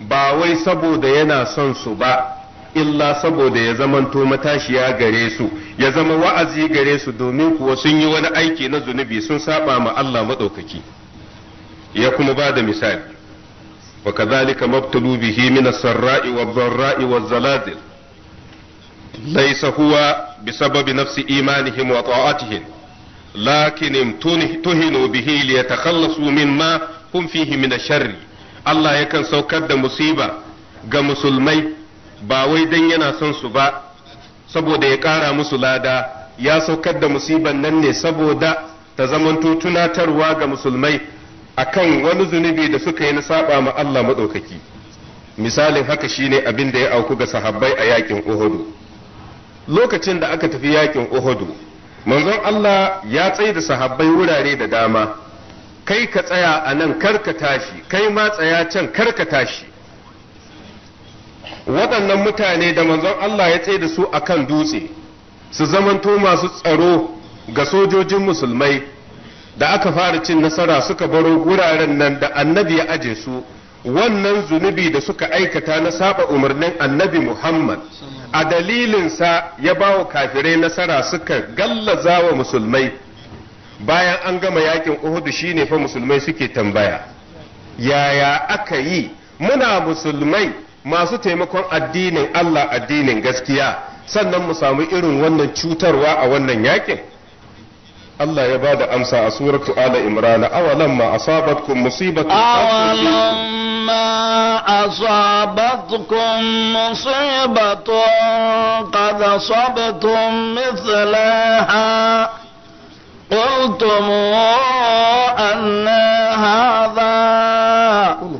ba wai saboda yana son su ba illa saboda ya zamanto matashiya gare su ya zama wa'azi gare su domin kuwa sun yi wani aiki na zunubi sun saba ma Allah maɗaukaki ya kuma ba da misali وكذلك مبتلوا به من السراء والضراء والزلازل ليس هو بسبب نفس إيمانهم وطاعتهم لكن تهنوا به ليتخلصوا مما هم فيه من الشر Allah yakan saukar da musiba ga musulmai ba wai dan yana son su ba saboda ya ƙara musu lada ya saukar da musiban nan ne saboda ta zamanto tunatarwa ga musulmai akan wani zunubi da suka yi na saba ma Allah maɗaukaki misalin haka shine abin da ya auku ga sahabbai a yakin Uhudu lokacin da aka tafi yakin Uhudu manzon Allah ya tsaye da sahabbai wurare da dama kai ka tsaya a nan karka tashi kai ma tsaya can karka tashi waɗannan mutane da manzon Allah ya tsaye da su akan dutse su zamanto masu tsaro ga sojojin musulmai da aka fara cin nasara suka baro wuraren nan da annabi ya aje su wannan zunubi da suka aikata na saba umarnin annabi Muhammad a dalilinsa ya ba wa kafirai nasara suka gallaza wa musulmai bayan an gama yakin Uhudu shine fa musulmai suke tambaya yaya aka yi muna musulmai masu taimakon addinin Allah addinin gaskiya sannan mu samu irin wannan cutarwa a wannan yakin Allah ya bada amsa a suratu ala imrana awalan ma asabatkum musibatu awalan ma asabatkum musibatu qad asabtum mithlaha قلتم أن هذا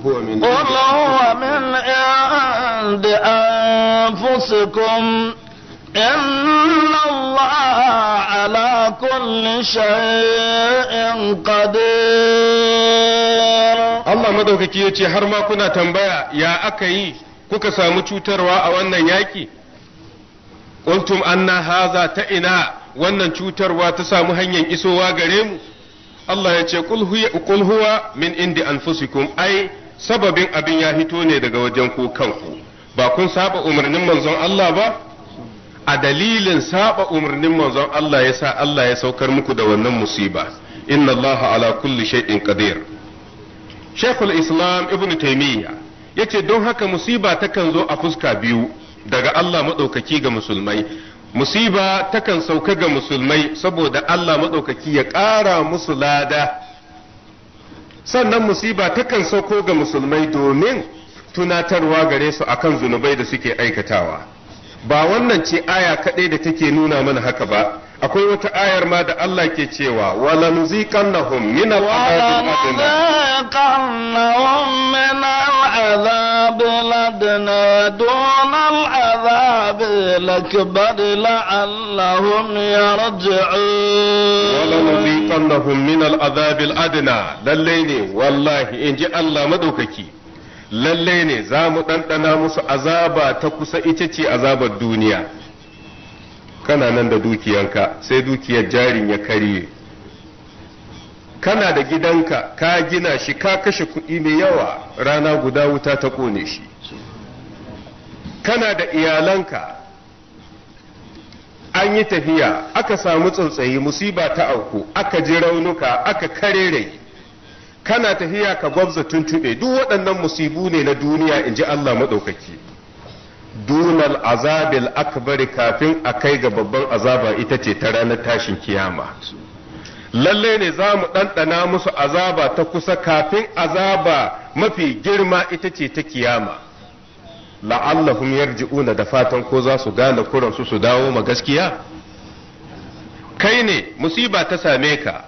قل هو من عند أنفسكم إن الله على كل شيء قدير الله مدوكaki yace har ma kuna tambaya ya aka yi kuka samu cutarwa a wannan yaki qultum anna haza ta ina wannan cutarwa ta samu hanyar isowa gare mu Allah ya ce qul huwa min indi anfusikum ai sababin abin ya hito ne daga wajen ku kanku ba kun saba umarnin manzon Allah ba a dalilin saba umarnin manzon Allah ya sa Allah ya saukar muku da wannan musiba inna Allah ala kulli shay'in qadir Sheikhul Islam Ibn Taymiyyah yace don haka musiba takan zo a fuska biyu daga Allah madaukaki ga musulmai musiba takan sauka ga musulmai saboda Allah madaukaki ya ƙara musu lada sannan musiba takan sauko ga musulmai domin tunatarwa gare su akan zunubai da suke aikatawa ba wannan ce aya kaɗai da take nuna mana haka ba akwai wata ayar ma da Allah ke cewa wala nuziqannahum min al'adab ladna dun al'adab lakbar la'allahum yarji'un wala nuziqannahum min al'adab al'adna lalle ne wallahi in ji Allah madaukaki lalle ne za mu ɗanɗana musu azaba ta kusa ita ce azabar duniya kana nan da dukiyanka sai dukiyar jarin ya karye kana da gidanka ka gina shi ka kashe kuɗi mai yawa rana guda wuta ta ƙone shi kana da iyalanka an yi tafiya aka samu tsuntsayi musiba ta auku aka ji raunuka aka kare rai kana tafiya ka gwabza tuntuɓe duk waɗannan musibu ne na duniya in ji Allah maɗaukaki dunar azabil akbari kafin a kai ga babban azaba ita ce ta ranar tashin kiyama lallai ne za mu ɗanɗana musu azaba ta kusa kafin azaba mafi girma ita ce ta kiyama la'allahum yarji'una da fatan ko za su gane kuransu su dawo ma gaskiya kai ne musiba ta same ka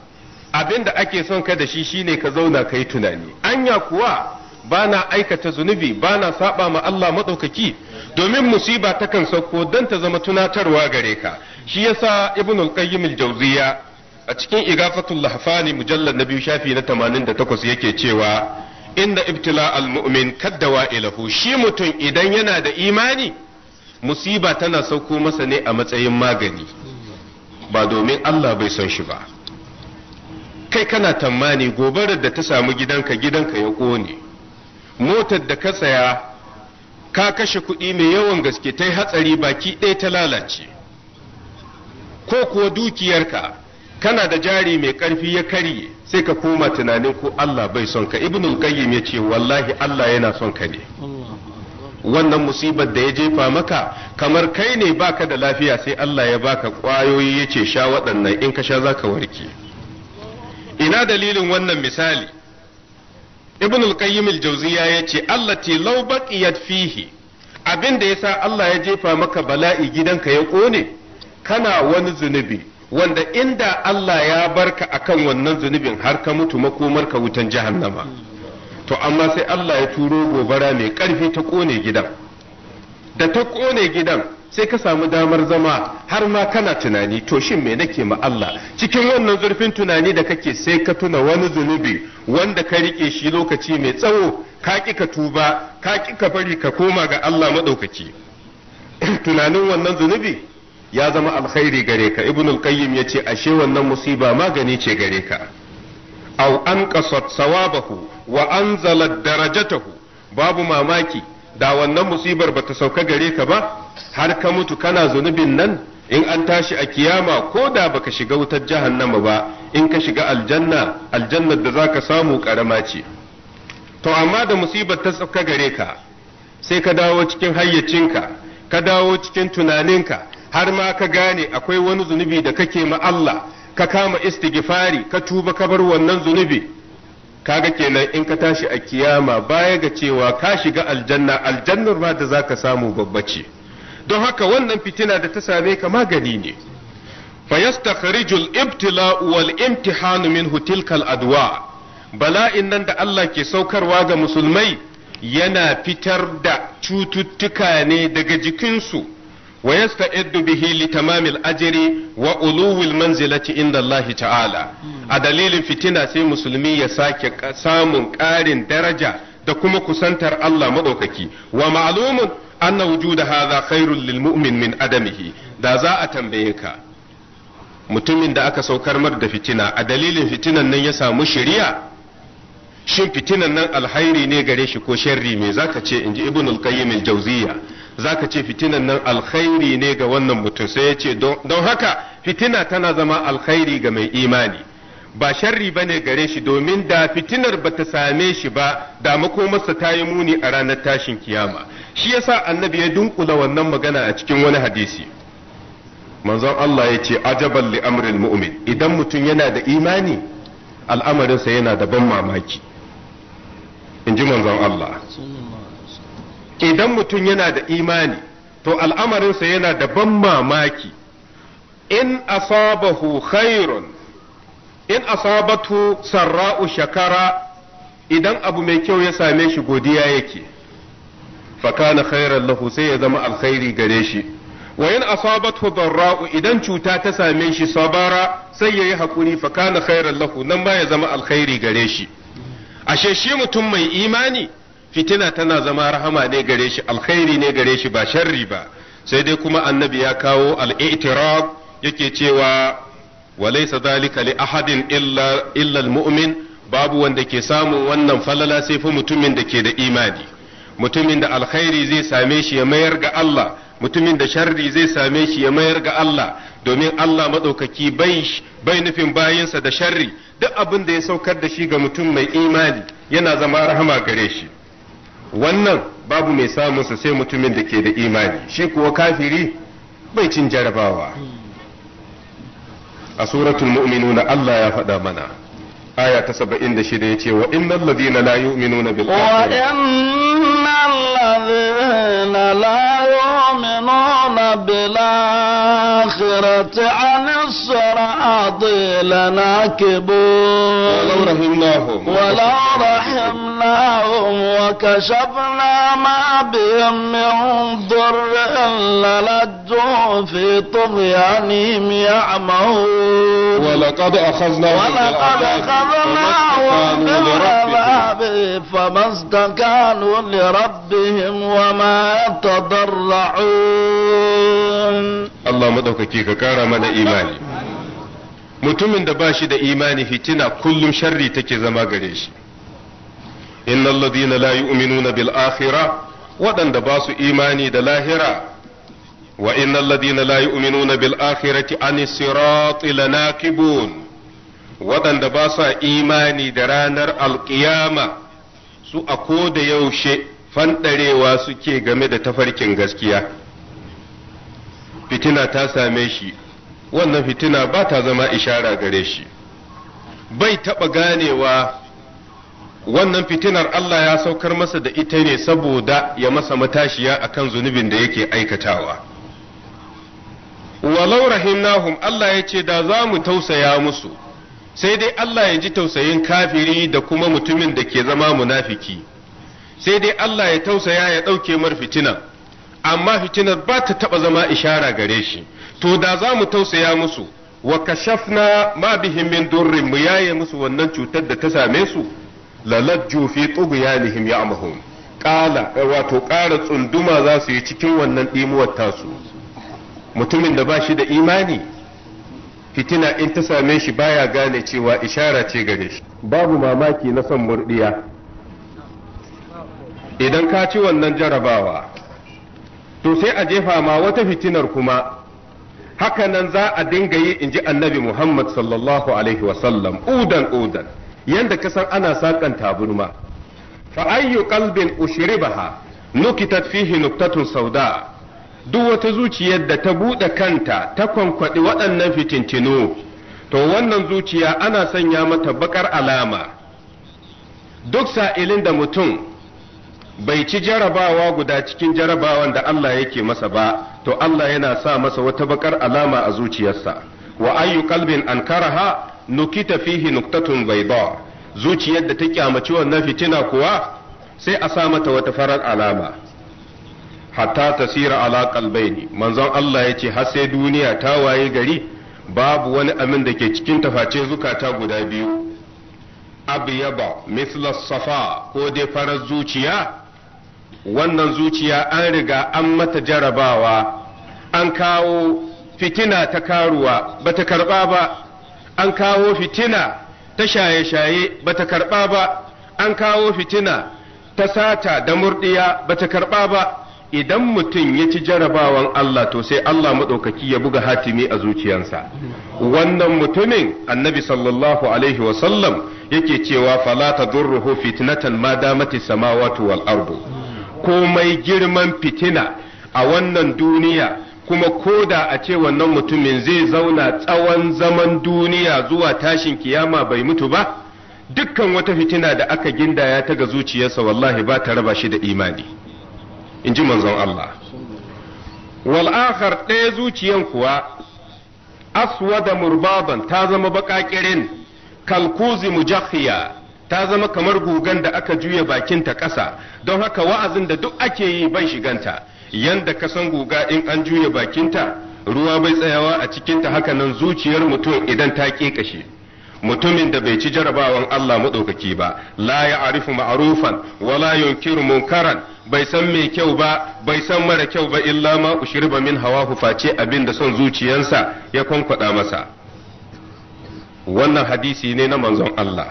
abin da ake son ka da shi shine ka zauna ka yi tunani anya kuwa ba na aikata zunubi ba na saba ma Allah maɗaukaki domin musiba takan sauko don ta zama tunatarwa gare ka shi yasa ibn al Jauziya a cikin igafatul lahfani mujallar na biyu shafi na 88 yake cewa inda ibtila al-mu'min kaddawa ilahu shi mutum idan yana da imani musiba tana sauko masa ne a matsayin magani ba domin Allah bai son shi ba kai kana tammani gobarar da ta samu gidanka gidanka ya ƙone motar da ka tsaya ka kashe kuɗi mai yawan gaske ta yi hatsari baki ɗaya ta lalace ko kuwa dukiyarka kana da jari mai ƙarfi ya karye sai ka koma tunanin ko Allah bai son ka ibn qayyim ya ce wallahi Allah yana son ka ne wannan musibar da ya jefa maka kamar kai ne baka da lafiya sai Allah ya baka kwayoyi ya ce sha waɗannan in ka sha zaka warke ina dalilin wannan misali ibn al-qayyim al-jawziya yace ti law baqiyat fihi abin da yasa Allah ya jefa maka bala'i gidanka ya kone kana wani zunubi wanda inda Allah ya barka akan wannan zunubin har ka mutu makomar ka wutan jahannama to amma sai Allah ya turo gobara mai karfi ta kone gidan da ta kone gidan sai ka samu damar zama har ma kana tunani to shin me nake ma Allah cikin wannan zurfin tunani da kake sai ka tuna wani zunubi wanda ka rike shi lokaci mai tsawo ka ki ka tuba ka ki ka bari ka koma ga Allah madaukaki tunanin wannan zunubi ya zama alkhairi gare ka ibnul qayyim yace ashe wannan musiba magani ce gare ka aw anqasat sawabahu wa anzalat darajatahu babu mamaki da wannan musibar ba ta sauka gare ka ba har ka mutu kana zunubin nan in an tashi a kiyama ko da ba ka shiga wutar jahannama ba in ka shiga aljanna aljannar da za ka samu karama ce to amma da musibar ta sauka gare ka sai ka dawo cikin hayyacinka ka dawo cikin tunaninka har ma ka gane akwai wani zunubi da kake ma Allah ka kama istighfari ka tuba ka bar wannan zunubi kaga kenan in ka tashi a kiyama baya ga cewa ka shiga aljanna aljannar ma da zaka samu babba ce don haka wannan fitina da ta same ka magani ne fa yastakhrijul ibtila'u wal imtihanu minhu tilkal adwa bala'in nan da Allah ke saukarwa ga musulmai yana fitar da cututtuka ne daga jikinsu wa yasta'iddu bihi li tamamil ajri wa uluwil manzilati inda Allah ta'ala a dalilin fitina sai musulmi ya sake samun ƙarin daraja da kuma kusantar Allah madaukaki wa ma'lumun anna wujuda hadha khairul lil mu'min min adamihi da za a tambaye ka mutumin da aka saukar mar da fitina a dalilin fitinan nan ya samu shiriya shin fitinan nan alhairi ne gare shi ko sharri me zaka ce inji ibnul qayyim al-jawziyya zaka ce fitinan nan alkhairi ne ga wannan mutum sai ya ce don haka fitina tana zama alkhairi ga mai imani ba sharri ba ne gare shi domin da fitinar ba ta same shi ba da makomarsa ta yi muni a ranar tashin kiyama shi yasa annabi ya dunkula wannan magana a cikin wani hadisi manzon Allah ya ce ajaban li amril mu'min idan mutum yana da imani al'amarinsa yana da ban mamaki in ji manzon Allah idan mutum yana da imani to al'amarinsa yana da ban mamaki in asabahu khairun in asabatu sarra'u shakara idan abu mai kyau ya same shi godiya yake fakana khairan lahu sai ya zama alkhairi gare shi wa in asabatu darra'u idan cuta ta same shi sabara sai yayi hakuri fakana khairan lahu nan ba ya zama alkhairi gare shi ashe shi mutum mai imani fitina tana zama rahama ne gare shi alkhairi ne gare shi ba sharri ba sai dai kuma annabi ya kawo al-i'tirab yake cewa laysa dhalika li ahadin illa illa al-mu'min babu wanda ke samu wannan falala sai fa mutumin da ke da imani mutumin da alkhairi zai same shi ya mayar ga Allah mutumin da sharri zai same shi ya mayar ga Allah domin Allah madaukaki bai nufin bayansa da sharri duk abin da ya saukar da shi ga mutum mai imani yana zama rahama gare shi wannan babu mai samun su sai mutumin da ke da imani shi kuwa kafiri bai cin jarabawa a suratul mu'minuna Allah ya faɗa mana aya ta 76 yace wa innal ladina la yu'minuna bil wa innal ladina la yu'minuna bil akhirati an as-sirati lanakibun wa law rahimnahum wa law دعوناهم وكشفنا ما بهم من ضر للجوا في طغيانهم يعمهون ولقد أخذناهم ولقد أخذناهم بالعذاب فما استكانوا لربهم وما يتضرعون الله مدوكك كارا من إيماني mutumin da bashi da imani fitina kullum sharri take zama gare shi innal ladina la yu'minuna bil akhirah waɗanda ba su imani da lahira wa innal ladina la yu'minuna bil akhirati anis sirati lanakibun waɗanda ba imani da ranar alƙiyama su a ko da yaushe fanɗarewa suke game da tafarkin gaskiya fitina ta same shi wannan fitina ba ta zama ishara gare shi bai taɓa ganewa wannan fitinar Allah ya saukar masa da ita ne saboda ya masa matashiya a kan zunubin da yake aikatawa walau rahimnahum Allah ya ce da za mu tausaya musu sai dai Allah ya ji tausayin kafiri da kuma mutumin da ke zama munafiki sai dai Allah ya tausaya ya ɗauke mar fitina amma fitinar ba ta taɓa zama ishara gare shi to da za mu tausaya musu wa kashafna ma bihim min durrin mu yaye musu wannan cutar da ta same su lalajju fi tughyanihim ya'mahun qala eh, wato qara tsunduma za su yi cikin wannan dimuwar tasu mutumin da ba shi da imani fitina in ta same shi baya gane cewa ishara ce gare shi babu mamaki na son murdiya idan ka ci wannan jarabawa to sai a jefa ma wata fitinar kuma hakanan za a dinga yi in ji annabi Muhammad sallallahu Alaihi wasallam udan udan Yadda ka san ana saƙan taburma fa ayyu qalbin ushribaha nukitat fihi nuktatun sauda duk wata zuciyar da ta buɗe kanta ta kwankwadi waɗannan fitintinu to wannan zuciya ana sanya mata baƙar alama duk sa'ilin da mutum bai ci jarabawa guda cikin jarabawan da Allah yake masa ba to Allah yana sa masa wata baƙar alama a zuciyarsa wa ayyu qalbin ankaraha nukita fihi nuktatun ba zuciyar da ta kyamaci wannan fitina kuwa sai a sa mata wata farar alama hatta tasira ala qalbaini manzon Allah yace har sai duniya ta waye gari babu wani amin da ke cikin taface zukata guda biyu abyaba Mislas, safa ko dai farar zuciya wannan zuciya an riga an mata jarabawa an kawo fitina ta karuwa bata karba ba an kawo fitina ta shaye-shaye bata karɓa ba an kawo fitina ta sata da murɗiya bata karɓa ba idan mutum ya ci jarabawan Allah to sai Allah maɗaukaki ya buga hatimi a zuciyansa wannan mutumin annabi sallallahu alaihi wasallam yake cewa fala tadurruhu fitnatan ma damati samawati wal ardu komai girman fitina a wannan duniya kuma koda a ce wannan mutumin zai zauna tsawon zaman duniya zuwa tashin kiyama bai mutu ba dukkan wata fitina da aka gindaya ta ga zuciyarsa wallahi ba ta raba shi da imani in ji manzon Allah wal ɗaya zuciyan kuwa aswada murbaban ta zama baƙaƙirin kalkuzi mujahiya ta zama kamar gugan da aka juya bakinta ƙasa don haka wa'azin da duk ake yi bai shiganta yanda ka san guga in an juya bakinta ruwa bai tsayawa a cikinta haka nan zuciyar mutum idan ta kashe mutumin da bai ci jarabawan Allah maɗaukaki ba la ya arifu ma'arufan wala yunkiru munkaran bai san mai kyau ba bai san mara kyau ba illa ma ushriba min hawahu face abin da son zuciyarsa ya kwankwada masa wannan hadisi ne na manzon Allah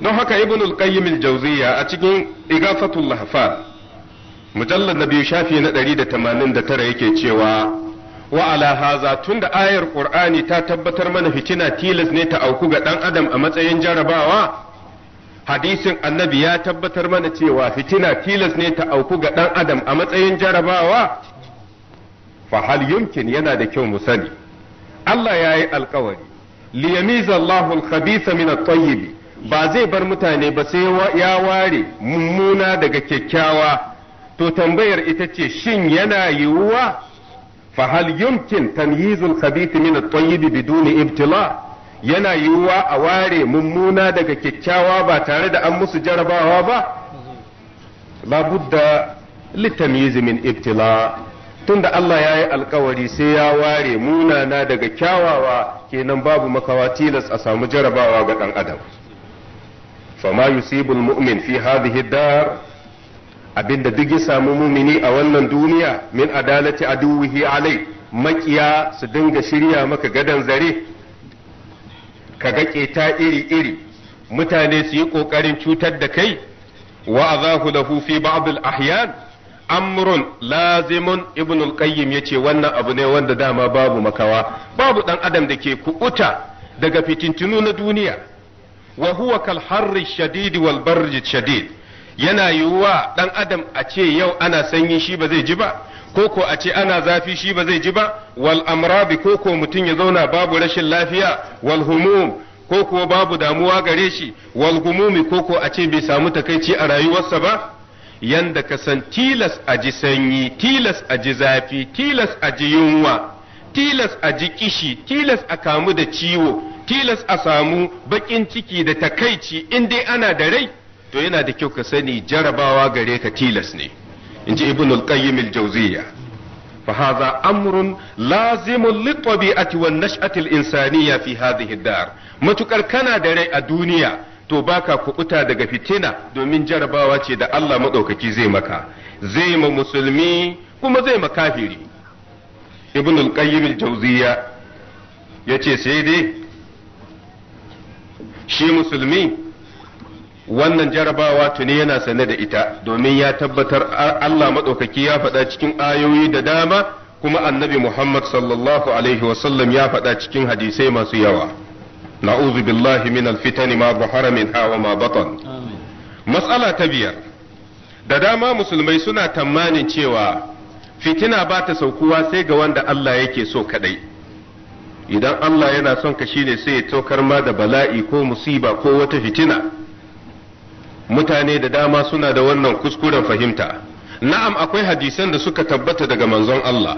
don haka ibnul qayyim al jawziya a cikin igafatul lahfar mujallar Nabiyu biyu shafi na ɗari da tamanin da tara yake cewa wa ala haza tun da ayar ƙur'ani ta tabbatar mana fitina tilas ne ta auku ga ɗan adam a matsayin jarabawa hadisin annabi ya tabbatar mana cewa fitina tilas ne ta auku ga ɗan adam a matsayin jarabawa fa hal yumkin yana da kyau mu sani Allah ya yi alkawari liyamiza Allahul khabitha min at-tayyib ba zai bar mutane ba sai ya ware mummuna daga kyakkyawa to tambayar ita ce shin yana yiwuwa fa hal yumkin tamyizul khabith min at-tayyib biduni ibtila yana yiwuwa a ware mummuna daga kyakkyawa ba tare da an musu jarabawa ba labudda litamyiz min ibtila tunda Allah ya yi alkawari sai ya ware munana daga kyawawa kenan babu makawa tilas a samu jarabawa ga dan adam fama yusibul mu'min fi hadhihi dar abinda duk ya samu mumini a wannan duniya min adalati aduwihi alai makiya su dinga shirya maka gadan zare kaga keta iri iri mutane su yi ƙoƙarin cutar da kai wa azahu lahu fi ba'd al ahyan amrun lazimun ibn al qayyim yace wannan abu ne wanda dama babu makawa babu dan adam da ke kukuta daga fititunu na duniya wa huwa kal harri shadid wal barj shadid yana yiwuwa ɗan adam a ce yau ana sanyi shi ba zai ji ba ko ko a ce ana zafi shi ba zai ji ba wal amrabi ko ko mutum ya zauna babu rashin lafiya wal humum ko babu damuwa gare shi wal gumumi ko ko a ce bai samu takaici a rayuwarsa ba yanda ka san tilas a ji sanyi tilas a ji zafi tilas a ji yunwa tilas a ji kishi tilas a kamu da ciwo tilas a samu baƙin ciki da takaici in dai ana da rai to yana da kyau ka sani jarabawa gare ka tilas ne in ji ibnul qayyim al-jawziyya fa hadha amrun lazimun li tabi'ati wan nash'ati al-insaniyya fi hadhihi ad-dar matukar kana da rai a duniya to baka kubuta daga fitina domin jarabawa ce da Allah madaukaki zai maka zai ma musulmi kuma zai ma kafiri ibnul qayyim al-jawziyya yace sai dai shi musulmi wannan jarabawa tuni yana sane da ita domin ya tabbatar Allah maɗaukaki ya faɗa cikin ayoyi da dama kuma annabi Muhammad sallallahu alaihi wasallam ya faɗa cikin hadisai masu yawa na'udhu billahi min alfitani ma zahara min hawa ma batan matsala ta biyar da dama musulmai suna tamanin cewa fitina ba ta saukuwa sai ga wanda Allah yake so kadai idan Allah yana son ka shine sai ya tokar ma da bala'i ko musiba ko wata fitina mutane da dama suna da wannan kuskuren fahimta na'am akwai hadisan da suka tabbata daga manzon Allah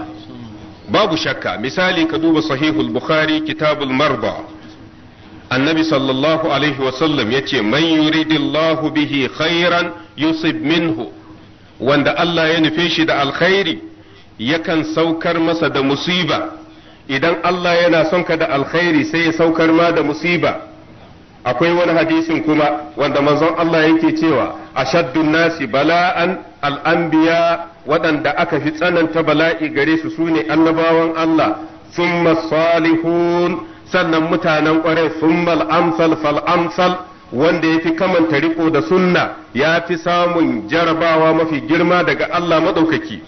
babu shakka misali ka duba sahihul bukhari kitabul marba annabi sallallahu alaihi wasallam ya ce man yuridillahu bihi khairan yusib minhu wanda Allah ya nufe shi da alkhairi yakan saukar masa da musiba idan Allah yana son ka da alkhairi sai ya saukar ma da musiba akwai wani hadisin kuma wanda manzon Allah yake cewa ashaddun nasi bala'an al'anbiya waɗanda aka fi tsananta bala'i gare su sune annabawan Allah summa salihun sannan mutanen ƙwarai summa al'amsal amsal wanda yafi kamanta riko da sunna ya fi samun jarabawa mafi girma daga Allah maɗaukaki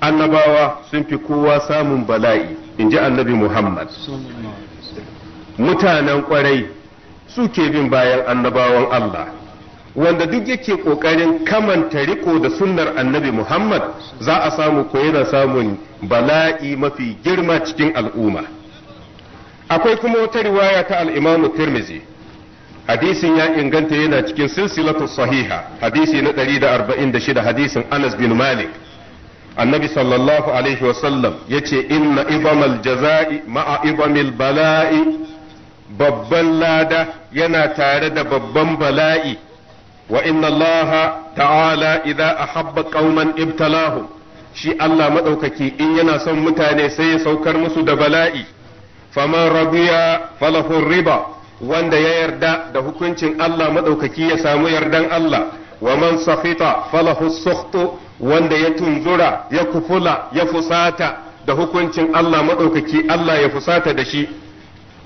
annabawa sun fi kowa samun bala'i inji annabi Muhammad mutanen ƙwarai suke bin bayan annabawan Allah wanda duk yake ƙoƙarin kamanta riko da sunnar annabi Muhammad za a samu ko yana samun bala'i mafi girma cikin al'umma akwai kuma wata riwaya ta al tirmizi hadisin ya inganta yana cikin silsilatu sahiha hadisi na 146 hadisin Anas bin Malik annabi sallallahu alaihi wasallam yace inna ibamal jaza'i ma'a ibamil bala'i babban lada yana tare da babban bala'i wa inna Allah ta'ala idza ahabba qauman ibtalahu shi Allah madaukaki in yana son mutane sai ya saukar musu da bala'i faman rabiya falahu riba wanda ya yarda da hukuncin Allah madaukaki ya samu yardan Allah wa man safita falahu sukhtu wanda ya tunzura ya kufula ya fusata da hukuncin Allah madaukaki Allah ya fusata da shi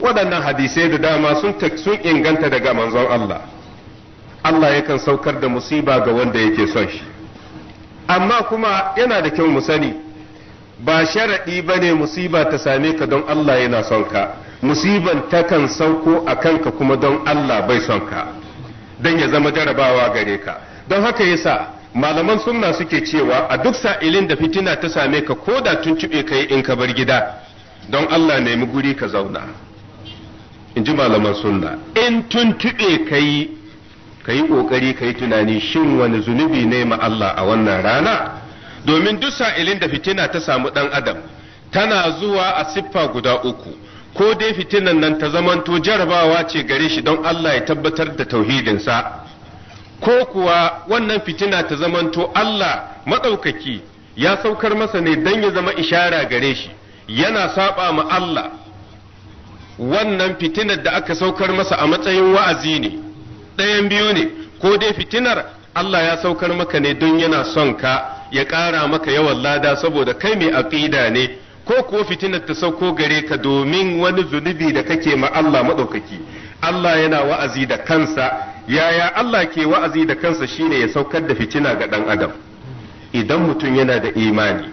waɗannan hadisai da dama sun sun inganta daga manzon Allah Allah yakan saukar da musiba ga wanda yake son shi amma kuma yana da kyau mu sani ba sharaɗi ba ne musiba ta same ka don Allah yana son ka musiban takan sauko a kanka kuma don Allah bai son ka don ya zama jarabawa gare ka don haka yasa malaman sunna suke cewa a duk sa'ilin da fitina ta same ka ko da tun cibe kai in ka bar gida don Allah nemi guri ka zauna in ji malaman sunna in tuntube ka yi ka yi ƙoƙari ka yi tunani shin wani zunubi ne ma Allah a wannan rana domin duk sa'ilin da fitina ta samu ɗan adam tana zuwa a siffa guda uku ko dai fitinan nan ta zamanto jarabawa ce gare shi don Allah ya tabbatar da tauhidinsa ko kuwa wannan fitina ta zamanto Allah maɗaukaki ya saukar masa ne don ya zama ishara gare shi yana saba ma Allah wannan fitinar da aka saukar masa a matsayin wa'azi ne ɗayan biyu ne ko dai fitinar Allah ya saukar maka ne don yana son ka ya ƙara maka yawan lada saboda kai mai aƙida ne ko kuwa fitinar ta sauko gare ka domin wani zunubi da kake ma Allah maɗaukaki Allah yana wa'azi da kansa yaya Allah ke wa'azi da kansa shine ya saukar da fitina ga ɗan adam idan mutum yana da imani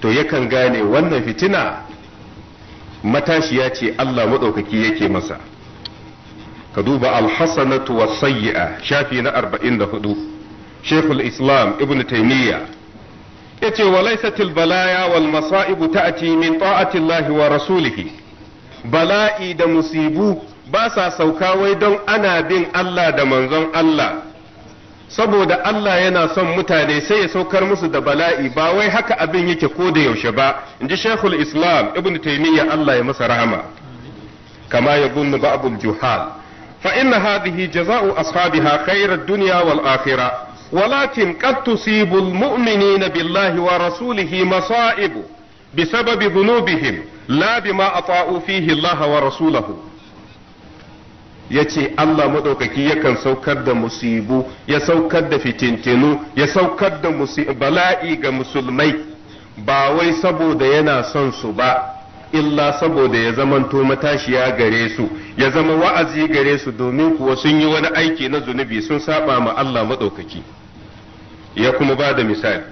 to yakan gane wannan fitina matashiya ce Allah maɗaukaki yake masa ka duba alhassanatu wa sayyi'a shafi na 44 shekul islam ibn taimiyya ya ce wa laisatil balaya wal masa'ibu ta'ati min ta'ati Allah wa rasulihi bala'i da musibu ba sa sauka wai don ana bin Allah da manzon Allah saboda Allah yana son mutane sai ya saukar musu da bala'i ba wai haka abin yake ko da yaushe ba inji Sheikhul Islam Ibn taimiyya Allah ya masa rahama kama ya gunnu ba'dul juhal fa inna hadhihi jaza'u ashabiha khairad dunya wal akhirah walakin qad tusibu al mu'minina billahi wa rasulihi masa'ib بسبب ذنوبهم لا بما أطاعوا فيه wa ورسوله ya ce Allah maɗaukaki yakan saukar da musibu ya saukar da fitintinu ya saukar da bala'i ga musulmai ba wai saboda yana son su ba illa saboda ya zamanto matashiya gare su ya zama wa'azi gare su domin kuwa sun yi wani aiki na zunubi sun saba ma Allah maɗaukaki ya kuma ba da misali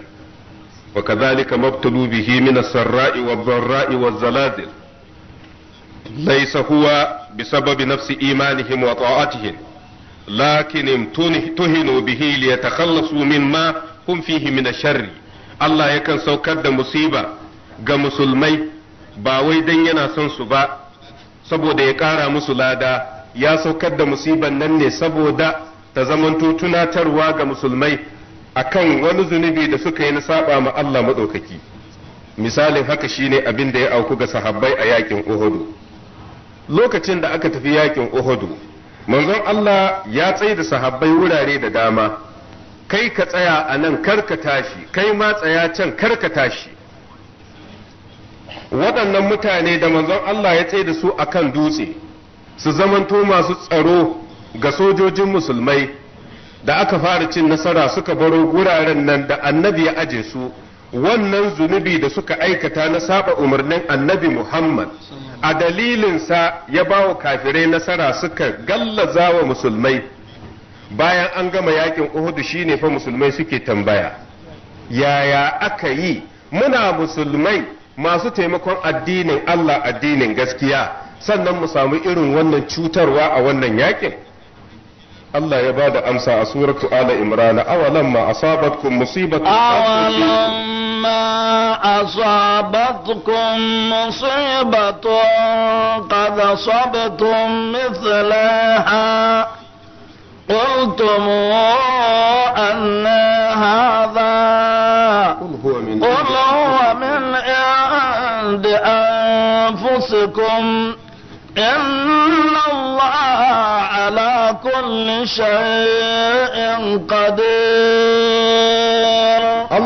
wa kazalika mabtulu bihi min sarrai wadh-dharra'i wadh-zalazil laisa huwa bisababi nafsi imanihim wa ta'atihim lakin tuhinu bihi liyatakhallasu mimma hum fihi min sharri Allah yakan saukar da musiba ga musulmai ba wai dan yana son su ba saboda ya ƙara musu lada ya saukar da musiban nan ne saboda ta zamanto tunatarwa ga musulmai akan wani zunubi da suka yi na saɓa ma Allah maɗaukaki misalin haka shine abin da ya auku ga sahabbai a yakin Uhudu lokacin da aka tafi yakin Uhudu manzon Allah ya tsaye da sahabbai wurare da dama kai ka tsaya a nan karka tashi kai ma tsaya can karka tashi waɗannan mutane da manzon Allah ya tsaye da su akan dutse su zamanto masu tsaro ga sojojin musulmai da aka fara cin nasara suka baro wuraren nan da annabi ya aje su wannan zunubi da suka aikata na saba umarnin annabi Muhammad a dalilinsa ya ba wa kafirai nasara suka gallaza wa musulmai bayan an gama yakin Uhudu shine fa musulmai suke tambaya yaya aka yi muna musulmai masu taimakon addinin Allah addinin gaskiya sannan mu samu irin wannan cutarwa a wannan yakin Allah ya ba da amsa a suratu ala imrana awalan ma asabatkum musibatu awalan ما أصابتكم مصيبة قد صبتم مثلها قلتم أن هذا قل هو من عند أنفسكم إن الله على كل شيء قدير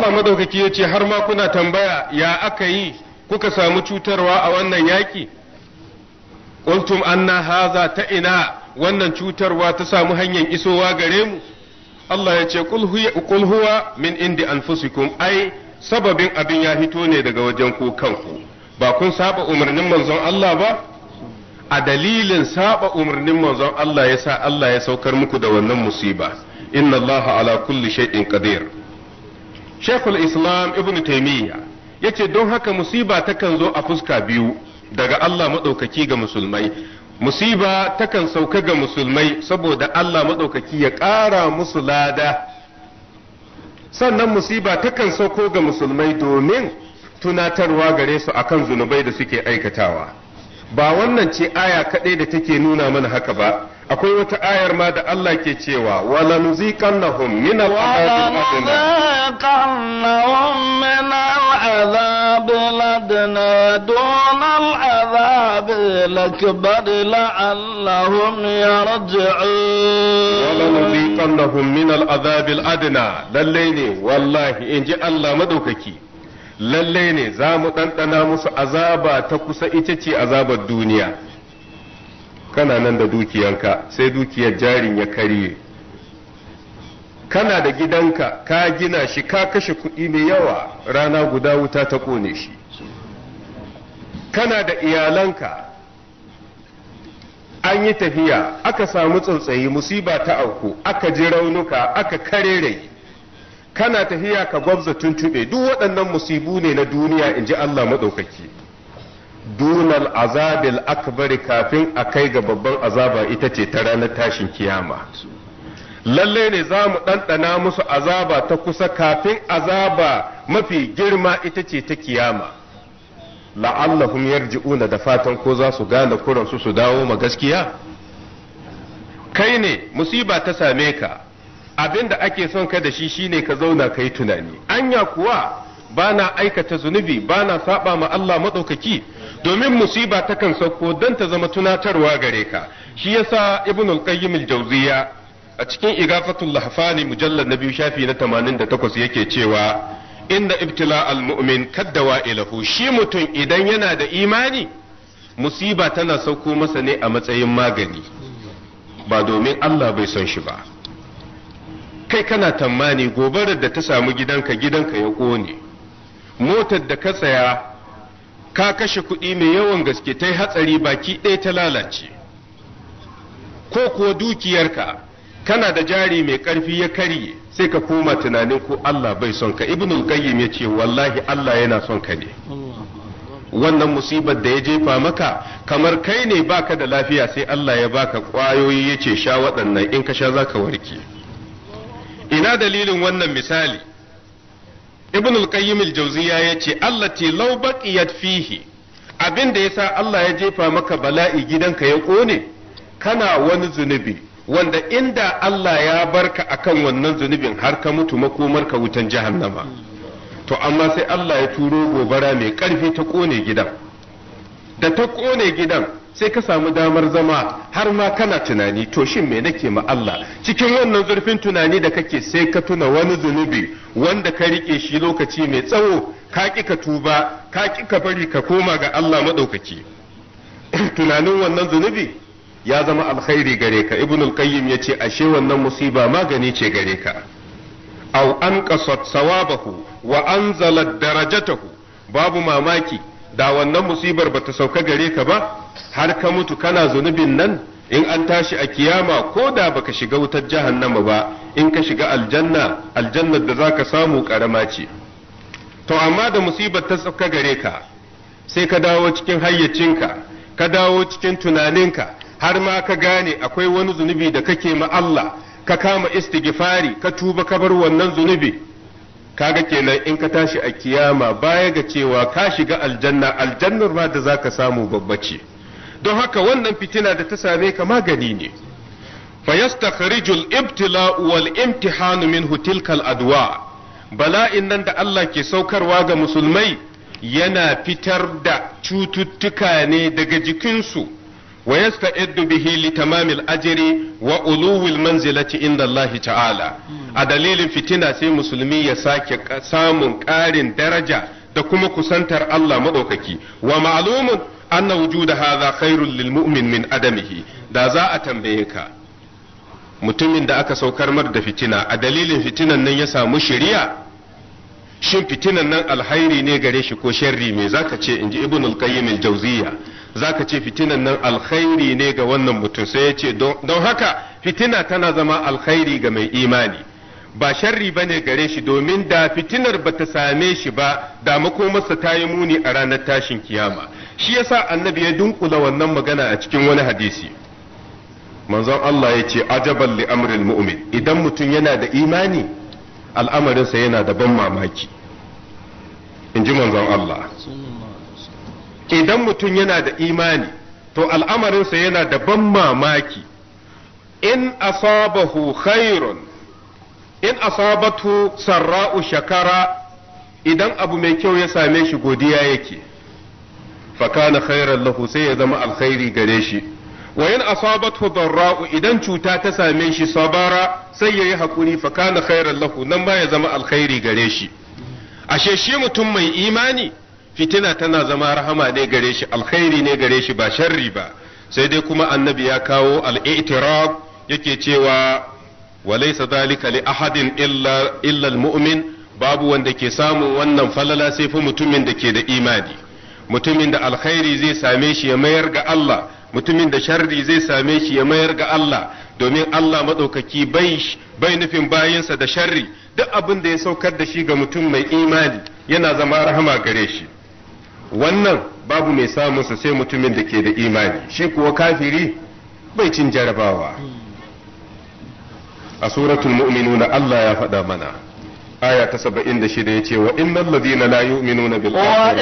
Allah madaukaki ya ce har ma kuna tambaya ya aka yi kuka samu cutarwa a wannan yaƙi Kuntum anna haza ta ina wannan cutarwa ta samu hanyar isowa gare mu Allah ya ce qul huwa min indi anfusikum ai sababin abin ya fito ne daga wajen ku kanku ba kun saba umarnin manzon Allah ba a dalilin saba umarnin manzon Allah ya sa Allah ya saukar muku da wannan musiba inna Allah ala kulli shay'in qadir shekul islam ibn taimiyya ya ce don haka musiba takan zo a fuska biyu daga allah maɗaukaki ga musulmai musiba takan sauka ga musulmai saboda allah maɗaukaki ya ƙara musu lada sannan musiba takan sauko ga musulmai domin tunatarwa gare su akan zunubai da suke aikatawa ba wannan ce aya kaɗai da take nuna mana haka ba akwai wata ayar ma da Allah ke cewa wala nuziqan lahum min al'adab ladna dun al'adab lakbad la'allahum yarji'un wala nuziqan lahum min al'adab ladna dalle ne wallahi in ji Allah madaukaki lalle ne za mu ɗanɗana musu azaba ta kusa ita ce azabar duniya kana nan da dukiyanka sai dukiyar jarin ya karye kana da gidanka ka gina shi ka kashe kuɗi mai yawa rana guda wuta ta ƙone shi kana da iyalanka an yi tafiya aka samu tsuntsayi musiba ta auku aka ji raunuka aka kare rai kana tahiya ka gwabza tuntuɓe duk waɗannan musibu ne na duniya in ji Allah maɗaukaki dunal azabil akbari kafin a kai ga babban azaba ita ce ta ranar tashin kiyama lalle ne za mu ɗanɗana musu azaba ta kusa kafin azaba mafi girma ita ce ta kiyama la'allahum yarji'una da fatan ko za su gane kuransu su dawo ma gaskiya kai ne musiba ta same ka abin da ake son ka da shi shine ka zauna ka yi tunani anya kuwa ba na aikata zunubi ba na saba ma Allah maɗaukaki domin musiba takan sauko don ta zama tunatarwa gare ka shi yasa ibn al Jauziya a cikin igafatul lahfani mujallar na biyu shafi na 88 yake cewa inda ibtila al-mu'min kaddawa ilahu shi mutum idan yana da imani musiba tana sauko masa ne a matsayin magani ba domin Allah bai son shi ba kai kana tammani gobarar da ta samu gidanka gidanka ya ƙone motar da ka tsaya ka kashe kuɗi mai yawan gaske ta yi hatsari baki ɗaya ta lalace ko kuwa dukiyarka kana da jari mai ƙarfi ya karye sai ka koma tunanin ko Allah bai son ka ibn qayyim ya ce wallahi Allah yana son ka ne wannan musibar da ya jefa maka kamar kai ne baka da lafiya sai Allah ya baka kwayoyi ce sha waɗannan in ka sha za ka warke ina dalilin wannan misali ibn al-qayyim al-jawziya yace allati law baqiyat fihi abin da yasa Allah ya jefa maka bala'i gidanka ya kone kana wani zunubi wanda inda Allah ya barka akan wannan zunubin har ka mutu makomarka wutan jahannama to amma sai Allah ya turo gobara mai karfi ta kone gidan da ta ƙone gidan sai ka samu damar zama har ma kana tunani to shin me nake ma Allah cikin wannan zurfin tunani da kake sai ka tuna wani zunubi wanda ka rike shi lokaci mai tsawo ka ki ka tuba ka ki ka bari ka koma ga Allah madaukaki tunanin wannan zunubi ya zama alkhairi gare ka ibnul qayyim yace ashe wannan musiba magani ce gare ka aw anqasat sawabahu wa anzalat darajatahu babu mamaki da wannan musibar bata sauka gare ka ba har ka mutu kana zunubin nan in an tashi a kiyama ko da baka shiga wutar jahannama ba in ka shiga aljanna aljannar da zaka samu karama ce to amma da musibar ta sauka gare ka sai ka dawo cikin hayyacinka ka dawo cikin tunaninka har ma ka gane akwai wani zunubi da kake ma Allah ka kama Istigifari ka tuba ka bar wannan zunubi kaga kenan in ka tashi a kiyama baya ga cewa ka shiga aljanna aljannar ma da zaka samu babba ce don haka wannan fitina da ta same ka magani ne fa yastakhrijul ibtilau wal imtihanu minhu tilkal adwa bala'in nan da Allah ke saukarwa ga musulmai yana fitar da cututtuka ne daga jikinsu wa yasta'iddu bihi li tamamil ajri wa uluwil manzilati inda Allah ta'ala a dalilin fitina sai musulmi ya sake samun ƙarin daraja da kuma kusantar Allah madaukaki wa ma'lumun anna wujuda hadha khairul lil mu'min min adamihi da za a tambaye ka mutumin da aka saukar mar da fitina a dalilin fitinan nan ya samu shiriya shin fitinan nan alhairi ne gare shi ko sharri me zaka ce inji ibn al-qayyim al zaka ce fitinan nan alkhairi ne ga wannan mutum sai ya ce don haka fitina tana zama alkhairi ga mai imani ba sharri bane gare shi domin da fitinar bata same shi ba da makomarsa ta yi muni a ranar tashin kiyama shi yasa annabi ya dunkula wannan magana a cikin wani hadisi manzon Allah ya ce ajaban li amril mu'min idan mutum yana da imani al'amarinsa yana da ban mamaki in ji manzon Allah idan mutum yana da imani to al'amarinsa yana da ban mamaki in asabahu khairun in asabatu sarra'u shakara idan abu mai kyau ya same shi godiya yake fakana khairan lahu sai ya zama alkhairi gare shi wa in asabatu darra'u idan cuta ta same shi sabara sai yayi hakuri fakana khairan lahu nan ma ya zama alkhairi gare shi ashe shi mutum mai imani fitina tana zama rahama ne gare shi alkhairi ne gare shi ba sharri ba sai dai kuma annabi ya kawo al-i'tirab yake cewa laysa dhalika li ahadin illa illa al-mu'min babu wanda ke samu wannan falala sai fa mutumin da ke da imani mutumin da alkhairi zai same shi ya mayar ga Allah mutumin da sharri zai same shi ya mayar ga Allah domin Allah madaukaki bai nufin bayansa da sharri duk abin da ya saukar da shi ga mutum mai imani yana zama rahama gare shi wannan babu mai samun sa sai mutumin da ke da imani shi kuwa kafiri bai cin jarabawa a suratul mu'minuna Allah ya faɗa mana آية سبعين دشيريتي وإن الذين لا يؤمنون بالآخرة وإن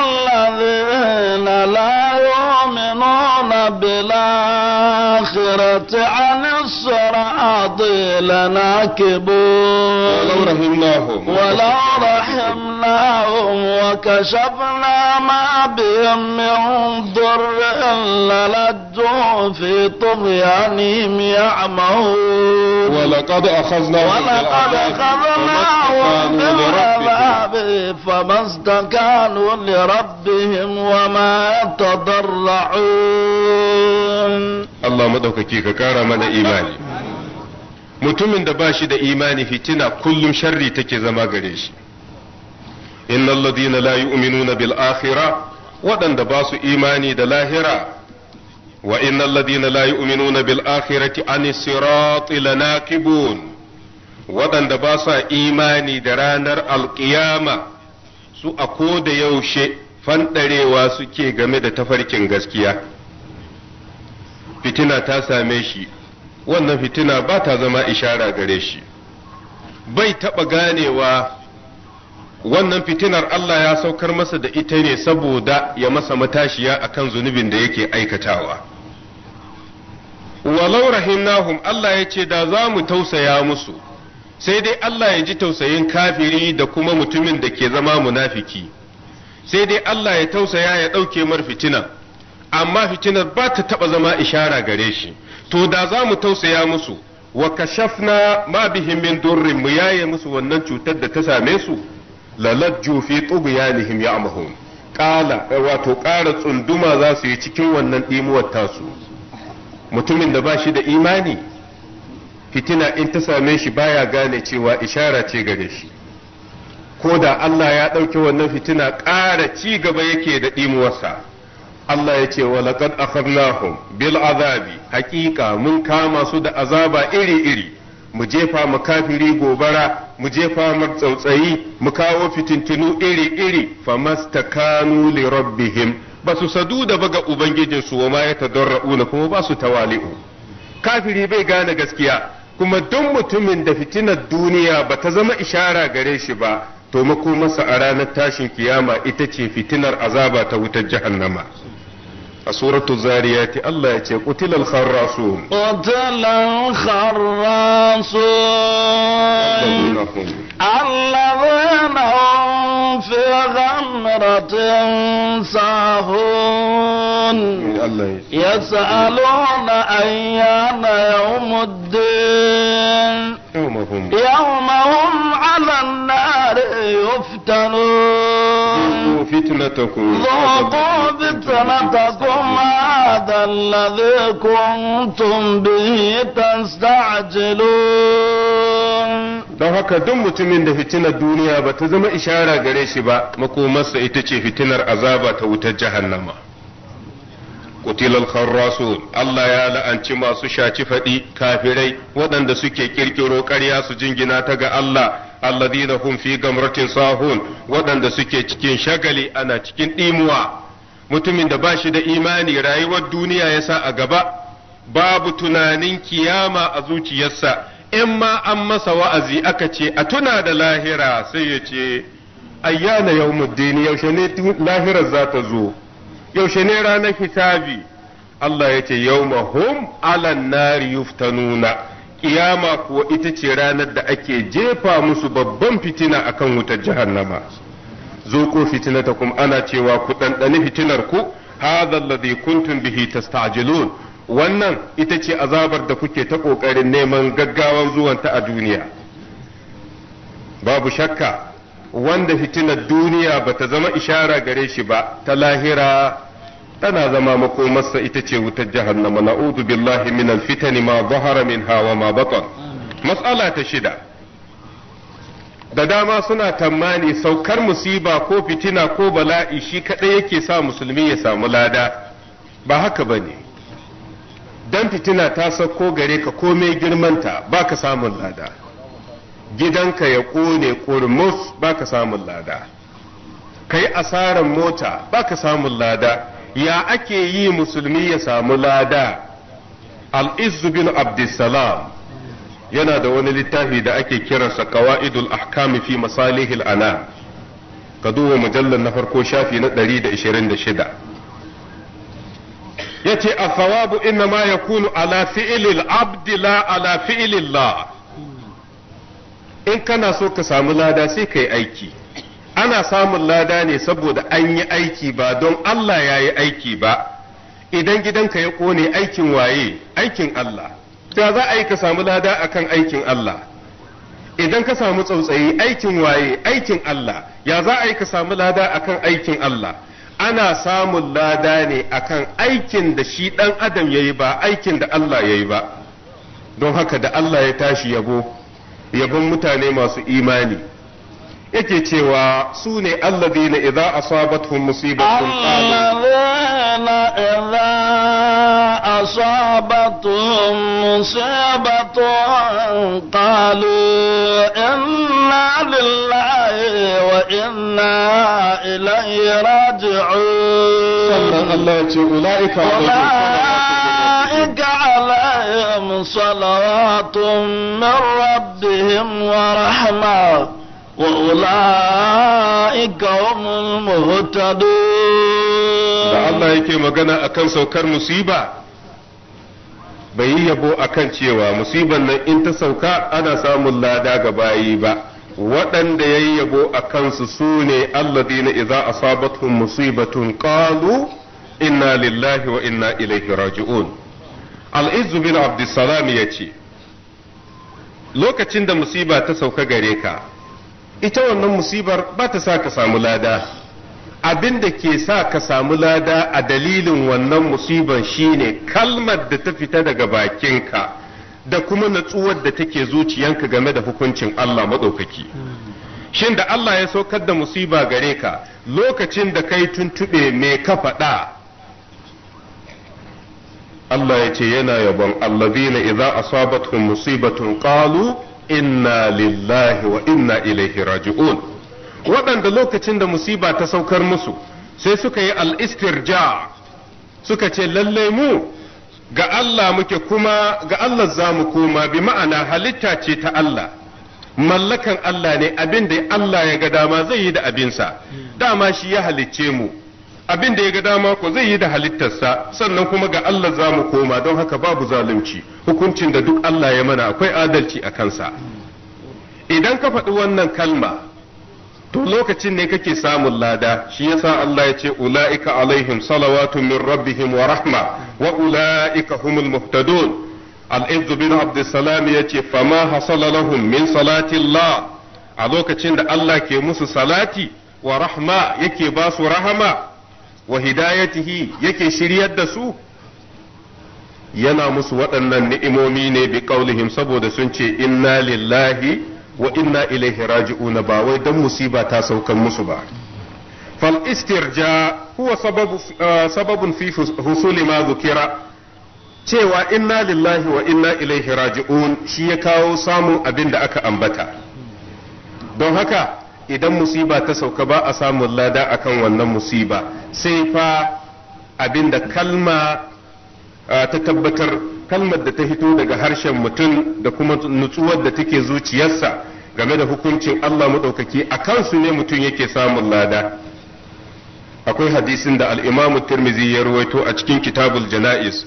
الذين لا يؤمنون بالآخرة عن الصراط لناكبون ولو رحمناهم ولو رحمناهم وكشفنا ما بهم من ضر للجوا في طغيانهم يعمهون ولقد أخذناهم ولقد فما استكانوا لربهم وما تضرعون الله مدوك كيك كارما إيمان متومن دباش دا إيمان تنا كل شري تكي زما قريش إن الذين لا يؤمنون بالآخرة ودن دباس إيماني دا لاهرة وإن الذين لا يؤمنون بالآخرة عن الصراط لناكبون waɗanda ba sa imani da ranar alƙiyama su a ko da yaushe fanɗarewa suke game da tafarkin gaskiya fitina ta same shi wannan fitina ba ta zama ishara gare shi bai taɓa ganewa wannan fitinar Allah ya saukar masa da ita ne saboda ya masa matashiya a kan zunubin da yake aikatawa walau rahimnahum Allah ya ce da za mu tausaya musu sai dai Allah ya ji tausayin kafiri da kuma mutumin da ke zama munafiki sai dai Allah ya tausaya ya ɗauke mar fitina amma fitinar ba ta taɓa zama ishara gare shi to da za mu tausaya musu wa kashafna ma bihim min durrin mu yaye musu wannan cutar da ta same su lalajju fi tughyanihim ya'mahun qala eh, wato ƙara tsunduma za su yi cikin wannan imuwar tasu mutumin da ba shi da imani fitina in ta same shi baya gane cewa ishara ce gare shi ko da Allah ya ɗauki wannan fitina ƙara ci gaba yake da ɗimuwarsa Allah ya ce walaƙad akharnahum bil azabi haƙiƙa mun kama su da azaba iri-iri mu jefa mu kafiri gobara mu jefa mu tsautsayi mu kawo fitintunu iri-iri famastakanu li rabbihim ba su sadu da baga ubangijinsu wa ma ya tadarra'una kuma ba su tawali'u kafiri bai gane gaskiya kuma duk mutumin da fitinar duniya ba ta zama ishara gare shi ba to masa a ranar tashin kiyama ita ce fitinar azaba ta wutar jahannama a suratul zariyati Allah ya ce qutilal kharrasun qutilal kharrasun alladhina في غمرة ساهون يسألون أيان يوم الدين يومهم هم على النار يفتنون فتنتكم ذوقوا فتنتكم هذا الذي كنتم به تستعجلون don haka duk mutumin da fitinar duniya ba ta zama ishara gare shi ba makomarsa ita ce fitinar azaba ta wutar jahannama kutilal kharrasu Allah ya la'anci masu shaci faɗi kafirai waɗanda suke kirkiro ƙarya su jingina ta ga Allah alladhina hum fi gamratin sahun waɗanda suke cikin shagali ana cikin ɗimuwa mutumin da ba shi da imani rayuwar duniya yasa a gaba babu tunanin kiyama a zuciyarsa in ma an masa wa'azi aka ce a tuna da lahira sai ya ce ayyana muddini yaushe ne lahirar za ta zo yaushe ne ranar hisabi Allah ya ce mahum alan nari nuna kiyama kuwa ita ce ranar da ake jefa musu babban fitina akan wutar jahannama ta kuma ana cewa ku ɗanɗani fitinar ku hadha alladhi kuntum bihi tasta'jilun wannan ita ce azabar da kuke ta ƙoƙarin neman gaggawan zuwanta a duniya babu shakka wanda fitinar duniya ba ta zama ishara gare shi ba ta lahira tana zama makomarsa ita ce wutar jahannama na'udu billahi min alfitani ma zahara min hawa ma batan matsala ta shida da dama suna tamani saukar musiba ko fitina ko bala'i shi kaɗai yake sa musulmi ya samu lada ba haka ba ne Don fitina ta sauko gare ka komai girmanta ba ka samun lada gidanka ya ƙone ƙurmus ba ka samun lada Ka yi asarar mota ba ka samun lada ya ake yi musulmi ya samu lada al'izu bin abdissalam yana da wani littafi da ake kiransa kawa'idul ahkami fi masalihil ana ka duba mujallar na farko shafi na 126 yace as-sawabu inna ma yakunu ala fi'lil abdi la ala fi'lillah in kana so ka samu lada sai kai aiki ana samun lada ne saboda an yi aiki ba don Allah ya yi aiki ba idan gidanka ya kone aikin waye aikin Allah ta za a yi ka samu lada akan aikin Allah idan ka samu tsautsayi aikin waye aikin Allah ya za a yi ka samu lada akan aikin Allah ana samun lada ne akan aikin da shi ɗan adam ya yi ba aikin da Allah ya yi ba don haka da Allah ya tashi yabo yabon mutane masu imani yake cewa su ne allazina idza asabatuhum musibatun qalu أصابتهم مصيبة قالوا إنا لله وإنا إليه راجعون أولئك عليهم صلوات من ربهم ورحمة وأولئك هم المهتدون Allah yake magana akan saukar musiba bai yi yabo a kan cewa musibar nan in ta sauka ana samun lada ga bayi ba waɗanda ya yi yabo a kansu su ne iza a sabatun musibatun ƙalu inna lillahi wa inna ilaihi raji'un al'izu bin abdussalam ya ce lokacin da musiba ta sauka gare ka ita wannan musibar ba ta sa ka samu lada abin da ke sa ka samu lada a dalilin wannan musiban shine kalmar da ta fita daga bakinka da kuma natsuwar da take zuciyanka game da hukuncin Allah maɗaukaki. Shin da Allah ya saukar da musiba gare ka lokacin da kai tuntuɓe me ka faɗa. Allah ya ce yana yabon allazina idza asabatuhum musibatun qalu inna lillahi wa inna ilaihi raji'un. waɗanda lokacin da musiba ta saukar musu sai suka yi al'istirja suka ce lallai mu ga Allah muke kuma ga Allah za mu koma bi ma'ana halitta ce ta Allah mallakan Allah ne abin da Allah ya ga dama zai yi da abinsa dama shi ya halicce mu abin da ya ga dama ko zai yi da halittarsa sannan kuma ga Allah za mu koma don haka babu zalunci hukuncin da duk Allah ya mana akwai adalci a kansa idan ka faɗi wannan kalma to lokacin ne kake samun lada shi yasa Allah ya ce ula'ika alaihim salawatu min rabbihim wa rahma wa ula'ika humul muhtadun al bin abdussalam ya ce fama hasala lahum min salati Allah a lokacin da Allah ke musu salati wa rahma yake ba su rahama wa hidayatihi yake shiryar da su yana musu waɗannan ni'imomi ne bi qaulihim saboda sun ce inna lillahi wa inna ilaihi raji'una ba wai dan musiba ta saukan musu ba fal istirja huwa sababu eh, sababun fi husuli ma dhukira cewa inna lillahi wa inna ilaihi raji'un shi ya kawo samun abin da aka ambata don haka idan musiba ta sauka ba a samun lada akan wannan musiba sai fa abin da kalma eh, ta tabbatar kalmar da ta hito daga harshen mutum da kuma nutsuwar da take zuciyarsa game da hukuncin Allah maɗaukaki a kansu ne mutum yake samun lada akwai hadisin da al'imamu tirmizi ya ruwaito a cikin kitabul jana'iz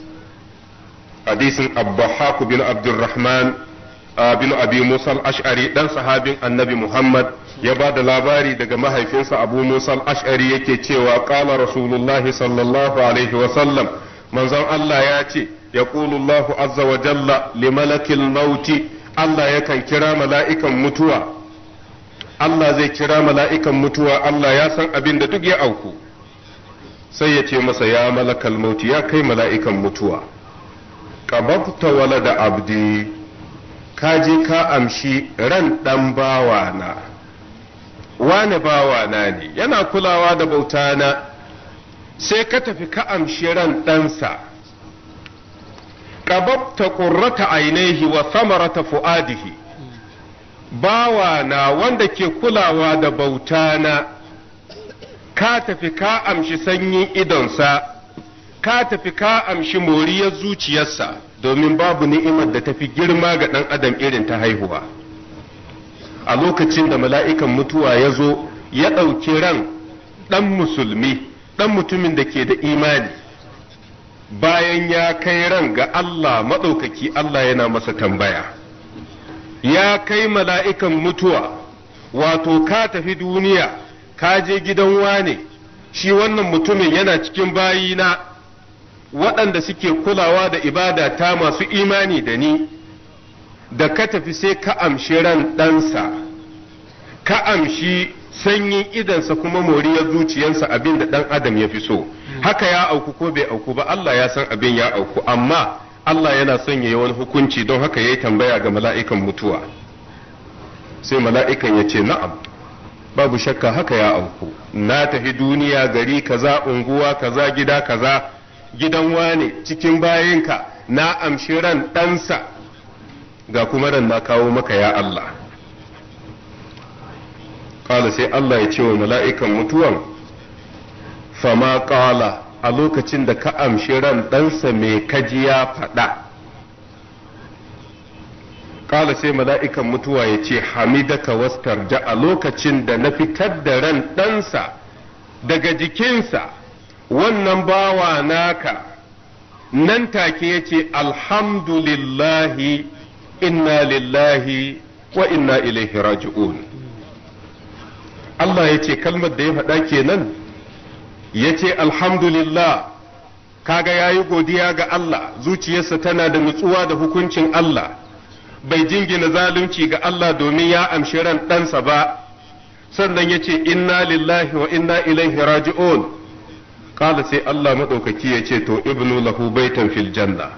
hadisin abbahaku bin abdurrahman ah, bin abi musa al-ash'ari dan sahabin annabi muhammad ya ba da labari daga mahaifinsa abu musa al-ash'ari yake cewa qala rasulullahi sallallahu alaihi wa sallam manzon Allah ya ce yaqulu Allahu azza wa jalla li malakil mauti Allah yakan kira mala'ikan mutuwa Allah zai kira mala'ikan mutuwa Allah ya san abin da duk ya auku sai ya ce masa ya malakal mauti ya kai mala'ikan mutuwa qababta walada abdi ka je ka amshi ran ɗan bawana wani bawana ne yana kulawa da bauta na. sai ka tafi ka amshi ran ɗansa qababta qurrata ainihi wa samarata fuadihi bawa na wanda ke kulawa da bauta na ka tafi ka amshi sanyin idonsa ka tafi ka amshi moriyar zuciyarsa domin babu ni'imar da tafi girma ga ɗan adam irin ta haihuwa a lokacin da mala'ikan mutuwa ya zo ya ɗauki ran ɗan musulmi ɗan mutumin da ke da imani bayan ya kai ran ga Allah maɗaukaki Allah yana masa tambaya ya kai mala'ikan mutuwa wato ka tafi duniya ka je gidan wane shi wannan mutumin yana cikin bayina waɗanda suke kulawa da ibada ta masu imani da ni da ka tafi sai ka amshi ran ɗansa ka amshi sanyin idansa kuma moriyar zuciyarsa abin da ɗan adam ya fi so haka ya auku ko bai auku ba Allah ya san abin ya auku amma Allah yana son ya yi wani hukunci don haka ya yi tambaya ga mala'ikan mutuwa sai mala'ikan ya ce na'am babu shakka haka ya auku na tafi duniya gari kaza unguwa kaza gida kaza gidan wane cikin bayinka na amshi ran ɗansa ga kuma ran na kawo maka ya Allah ƙala sai Allah ya ce wa mala'ikan mutuwan fama ƙala a lokacin da ka amshi ran ɗansa mai kaji ya faɗa ƙala sai mala'ikan mutuwa ya ce hamidaka waskar da a lokacin da na fitar da ran ɗansa daga jikinsa wannan bawa naka nan take ya ce alhamdulillahi inna lillahi wa inna ilaihi raji'un Allah ya ce kalmar da ya faɗa kenan ya ce alhamdulillah kaga ya yi godiya ga Allah zuciyarsa tana da nutsuwa da hukuncin Allah bai jingina zalunci ga Allah domin ya amshi ran ɗansa ba sannan ya ce inna lillahi wa inna ilaihi raji'un kala sai Allah maɗaukaki ya ce to ibnu lahu baitan fil janna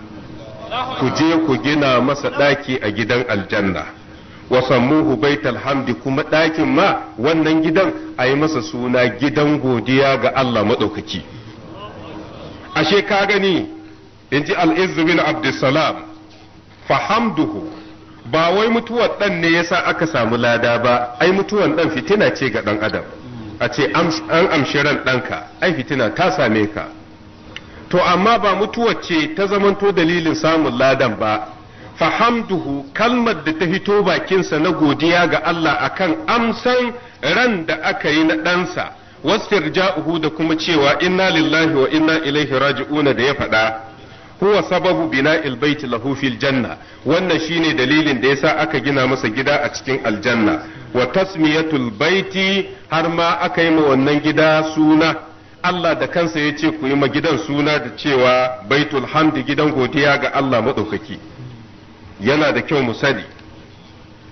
ku je ku gina masa ɗaki a gidan aljanna wa sammuhu baital hamdi kuma ɗakin ma wannan gidan ayi masa suna gidan godiya ga Allah maɗaukaki ashe ka gani in ji al'izzu bin abdussalam fahamduhu ba wai mutuwar ɗan ne yasa aka samu lada ba ai mutuwar ɗan fitina ce ga ɗan adam a ce an amshi ran ɗanka ai fitina ta same ka to amma ba mutuwar ce ta zamanto dalilin samun ladan ba fahamduhu kalmar da ta hito bakinsa na godiya ga Allah akan amsan ran da aka yi na ɗansa wasu wastirja'uhu da kuma cewa inna lillahi wa inna ilaihi raji'una da ya faɗa huwa sababu bina'il ilbaiti lahu fil janna wannan shine dalilin da ya sa aka gina masa gida a cikin aljanna wa tasmiyatul baiti har ma aka yi ma wannan gida suna Allah da kansa ya ce ku yi ma gidan suna da cewa baitul hamdi gidan godiya ga Allah maɗaukaki. yana da kyau mu sani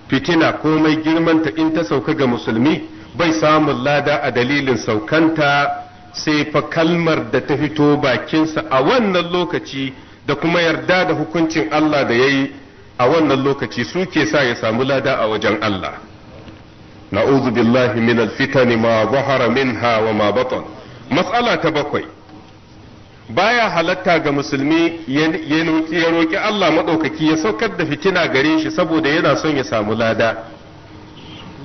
fitina komai girmanta in ta sauka ga musulmi bai samun lada a dalilin saukanta sai fa kalmar da ta fito bakinsa a wannan lokaci da kuma yarda da hukuncin Allah da ya yi a wannan lokaci suke sa ya samu lada a wajen Allah. na'udhu billahi min alfitani ma zahara minha wa ma batan matsala ta bakwai baya halatta ga musulmi ya roƙi Allah maɗaukaki ya saukar da fitina gare shi saboda yana son ya samu lada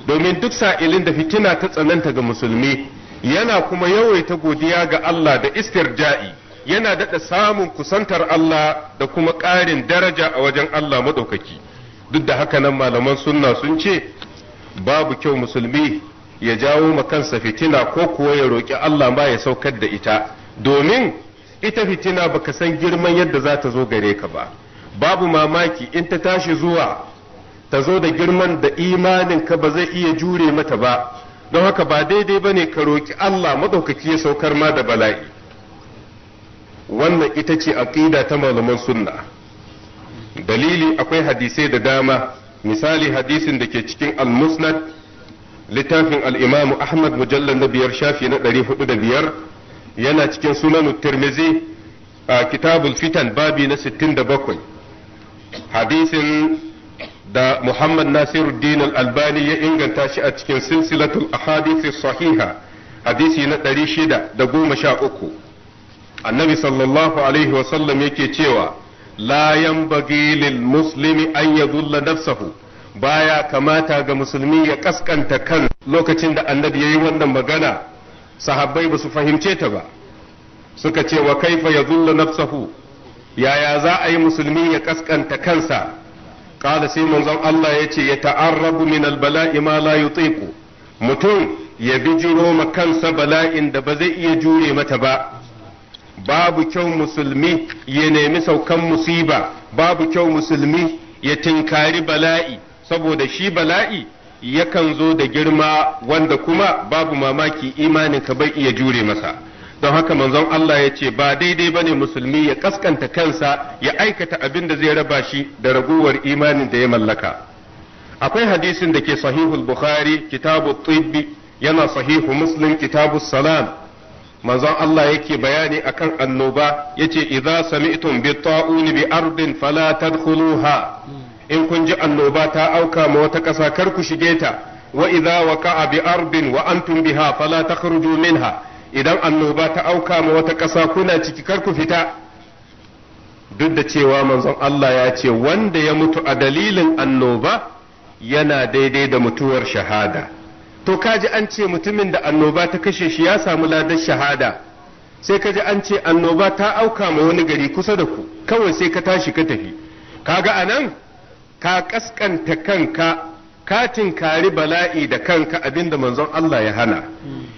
domin duk sa'ilin da fitina ta tsananta ga musulmi yana kuma yawaita godiya ga Allah da istirja'i yana daɗa samun kusantar Allah da kuma ƙarin daraja a wajen Allah maɗaukaki duk da haka nan malaman sunna sun ce babu kyau musulmi ya jawo ma kansa fitina ko kuwa ya roƙi Allah ma ya saukar da ita domin ita fitina ba ka san girman yadda za ta zo gare ka ba babu mamaki in ta tashi zuwa ta zo da girman da imanin ka ba zai iya jure mata ba don haka ba daidai ba ne ka roƙi Allah maɗaukaki ya saukar ma da bala'i wannan ita ce aƙida ta malaman sunna dalili akwai hadisai da dama misali hadisin da ke cikin al-musnad littafin al-imamu ahmad mujallar na biyar shafi na ɗari huɗu da biyar yana cikin sunan tirmizi a kitabul fitan babi na 67 hadisin da muhammad nasiruddin al-albani ya inganta shi a cikin silsilatul ahadisi sahiha hadisi na 613 annabi sallallahu alaihi wasallam yake cewa la yanbaghi lil muslimi an yadhulla nafsahu baya kamata ga musulmi ya kaskanta kan lokacin da annabi yayi wannan magana sahabbai ba su fahimce ta ba suka ce wa kaifa ya zulla nafsahu yaya za a yi musulmi ya kaskanta kansa qala sai manzon Allah ya ce ya ta'arrabu min albala'i ma la yutiqu mutum ya bijiro ma kansa bala'in da ba zai iya jure mata ba babu kyau musulmi ya nemi saukan musiba babu kyau musulmi ya tinkari bala'i saboda shi bala'i yakan zo da girma wanda kuma babu mamaki imanin ka bai iya jure masa don haka manzon Allah ya ce ba daidai ba ne musulmi ya kaskanta kansa ya aikata abin da zai raba shi da ragowar imanin da ya mallaka akwai hadisin da ke sahihul bukhari kitabu tibbi yana sahihu muslim kitabu salam manzon Allah yake bayani akan annoba yace idza sami'tum bi ta'un bi ardin fala tadkhuluha in kun ji annoba ta auka ma wata ƙasa kar ku shige ta wa idza waqa'a bi ardin wa antum biha fala takhruju minha idan annoba ta auka ma wata ƙasa kuna ciki kar ku fita duk da cewa manzon Allah ya ce wanda ya mutu a dalilin annoba yana daidai da mutuwar shahada to kaji an ce mutumin da annoba ta kashe shi ya samu ladar shahada sai kaji an ce annoba ta auka ma wani gari kusa da ku kawai sai ka tashi ka tafi kaga anan ka kaskanta kanka ka kari bala'i da kanka abinda manzon Allah ya hana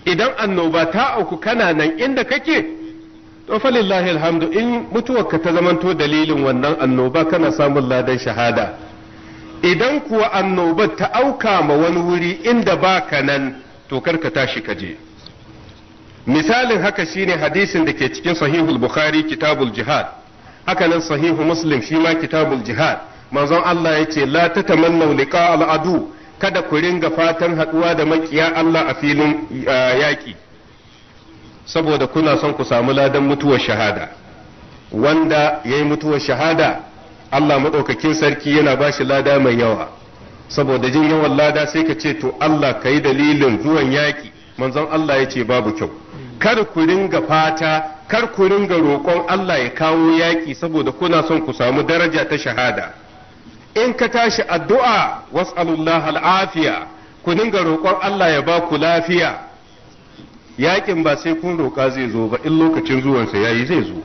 idan annoba ta auku kana nan inda kake to falillahi alhamdu in mutuwarka ta zamanto dalilin wannan annoba kana samun ladan shahada idan kuwa annobar ta auka ma wani wuri inda baka nan to karka tashi ka je misalin haka shine hadisin da ke cikin sahihul bukhari kitabul jihad haka nan sahihu muslim shi ma kitabul jihad manzon Allah ya ce la tatamannu liqa al'adu kada ku ringa fatan haduwa da makiya Allah a filin yaki saboda kuna son ku samu ladan mutuwar shahada wanda yayi mutuwar shahada Allah madaukakin sarki yana ba shi lada mai yawa saboda jin yawan lada sai ka ce to Allah ka yi dalilin zuwan yaƙi manzon Allah ya ce babu kyau kar ku ringa fata kar ku ringa roƙon Allah ya kawo yaƙi saboda kuna son ku samu daraja ta shahada in ka tashi addu'a was'alullaha al'afiya ku dinga roƙon Allah ya ba ku lafiya yakin ba sai kun roƙa zai zo ba in lokacin zuwansa ya yi zai zo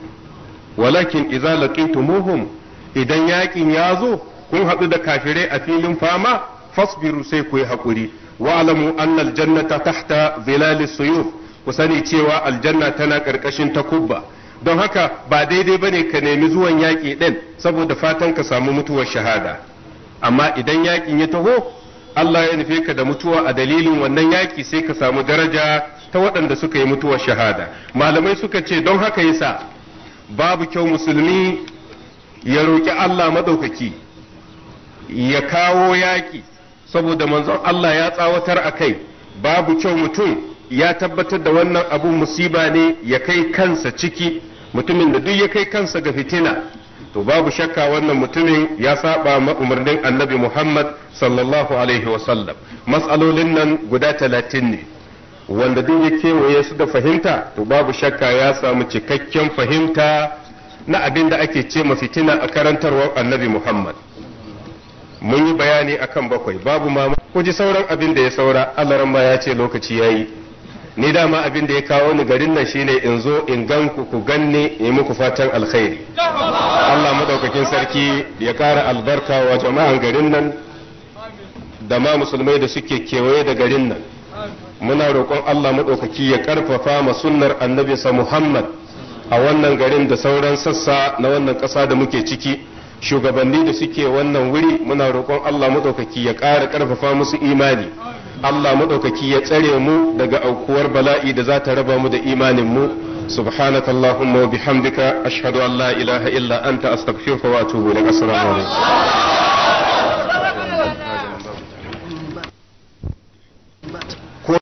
walakin izalakin laqitumuhum idan yakin ya zo kun haɗu da kafirai a filin fama fasbiru sai ku yi haƙuri alamu anna ta tahta zilali suyuf ku sani cewa aljanna tana ƙarƙashin takubba don haka ba daidai ba ne ka nemi zuwan yaƙi ɗin saboda fatan ka samu mutuwar shahada amma idan yaƙin ya taho Allah ya nufe ka da mutuwa a dalilin wannan yaƙi sai ka samu daraja ta waɗanda suka yi mutuwar shahada malamai suka ce don haka yasa babu kyau musulmi ya roƙi Allah maɗaukaki ya kawo yaƙi saboda manzon Allah ya tsawatar a kai babu kyau mutum ya tabbatar da wannan abu musiba ne ya kai kansa ciki mutumin da duk ya kai kansa ga fitina to babu shakka wannan mutumin ya saba ma umarnin annabi Muhammad sallallahu alaihi wasallam matsalolin nan guda talatin ne wanda duk ya kewaye su da fahimta to babu shakka ya samu cikakken fahimta na abin da ake ce ma fitina a karantarwar annabi Muhammad mun yi bayani akan bakwai babu ma. ku ji sauran abin da ya saura Allah ya ce lokaci yayi ni dama abin da ya kawo ni garin nan shine in zo in gan ku ku ganni in muku fatan alkhairi Allah madaukakin sarki ya kara albarka wa jama'an garin nan da ma musulmai da suke kewaye da garin nan muna roƙon Allah madaukaki ya karfafa ma sunnar annabi sa Muhammad a wannan garin da sauran sassa na wannan ƙasa da muke ciki shugabanni da suke wannan wuri muna roƙon Allah madaukaki ya kara karfafa musu imani Allah mu ya tsare mu daga aukuwar bala'i da za ta raba mu da imanin mu subhanahu wa ta'a allahu nama bihamdika ashaharwa na Allah ilaha illa an ta'a staffifawa ta hudu da asabar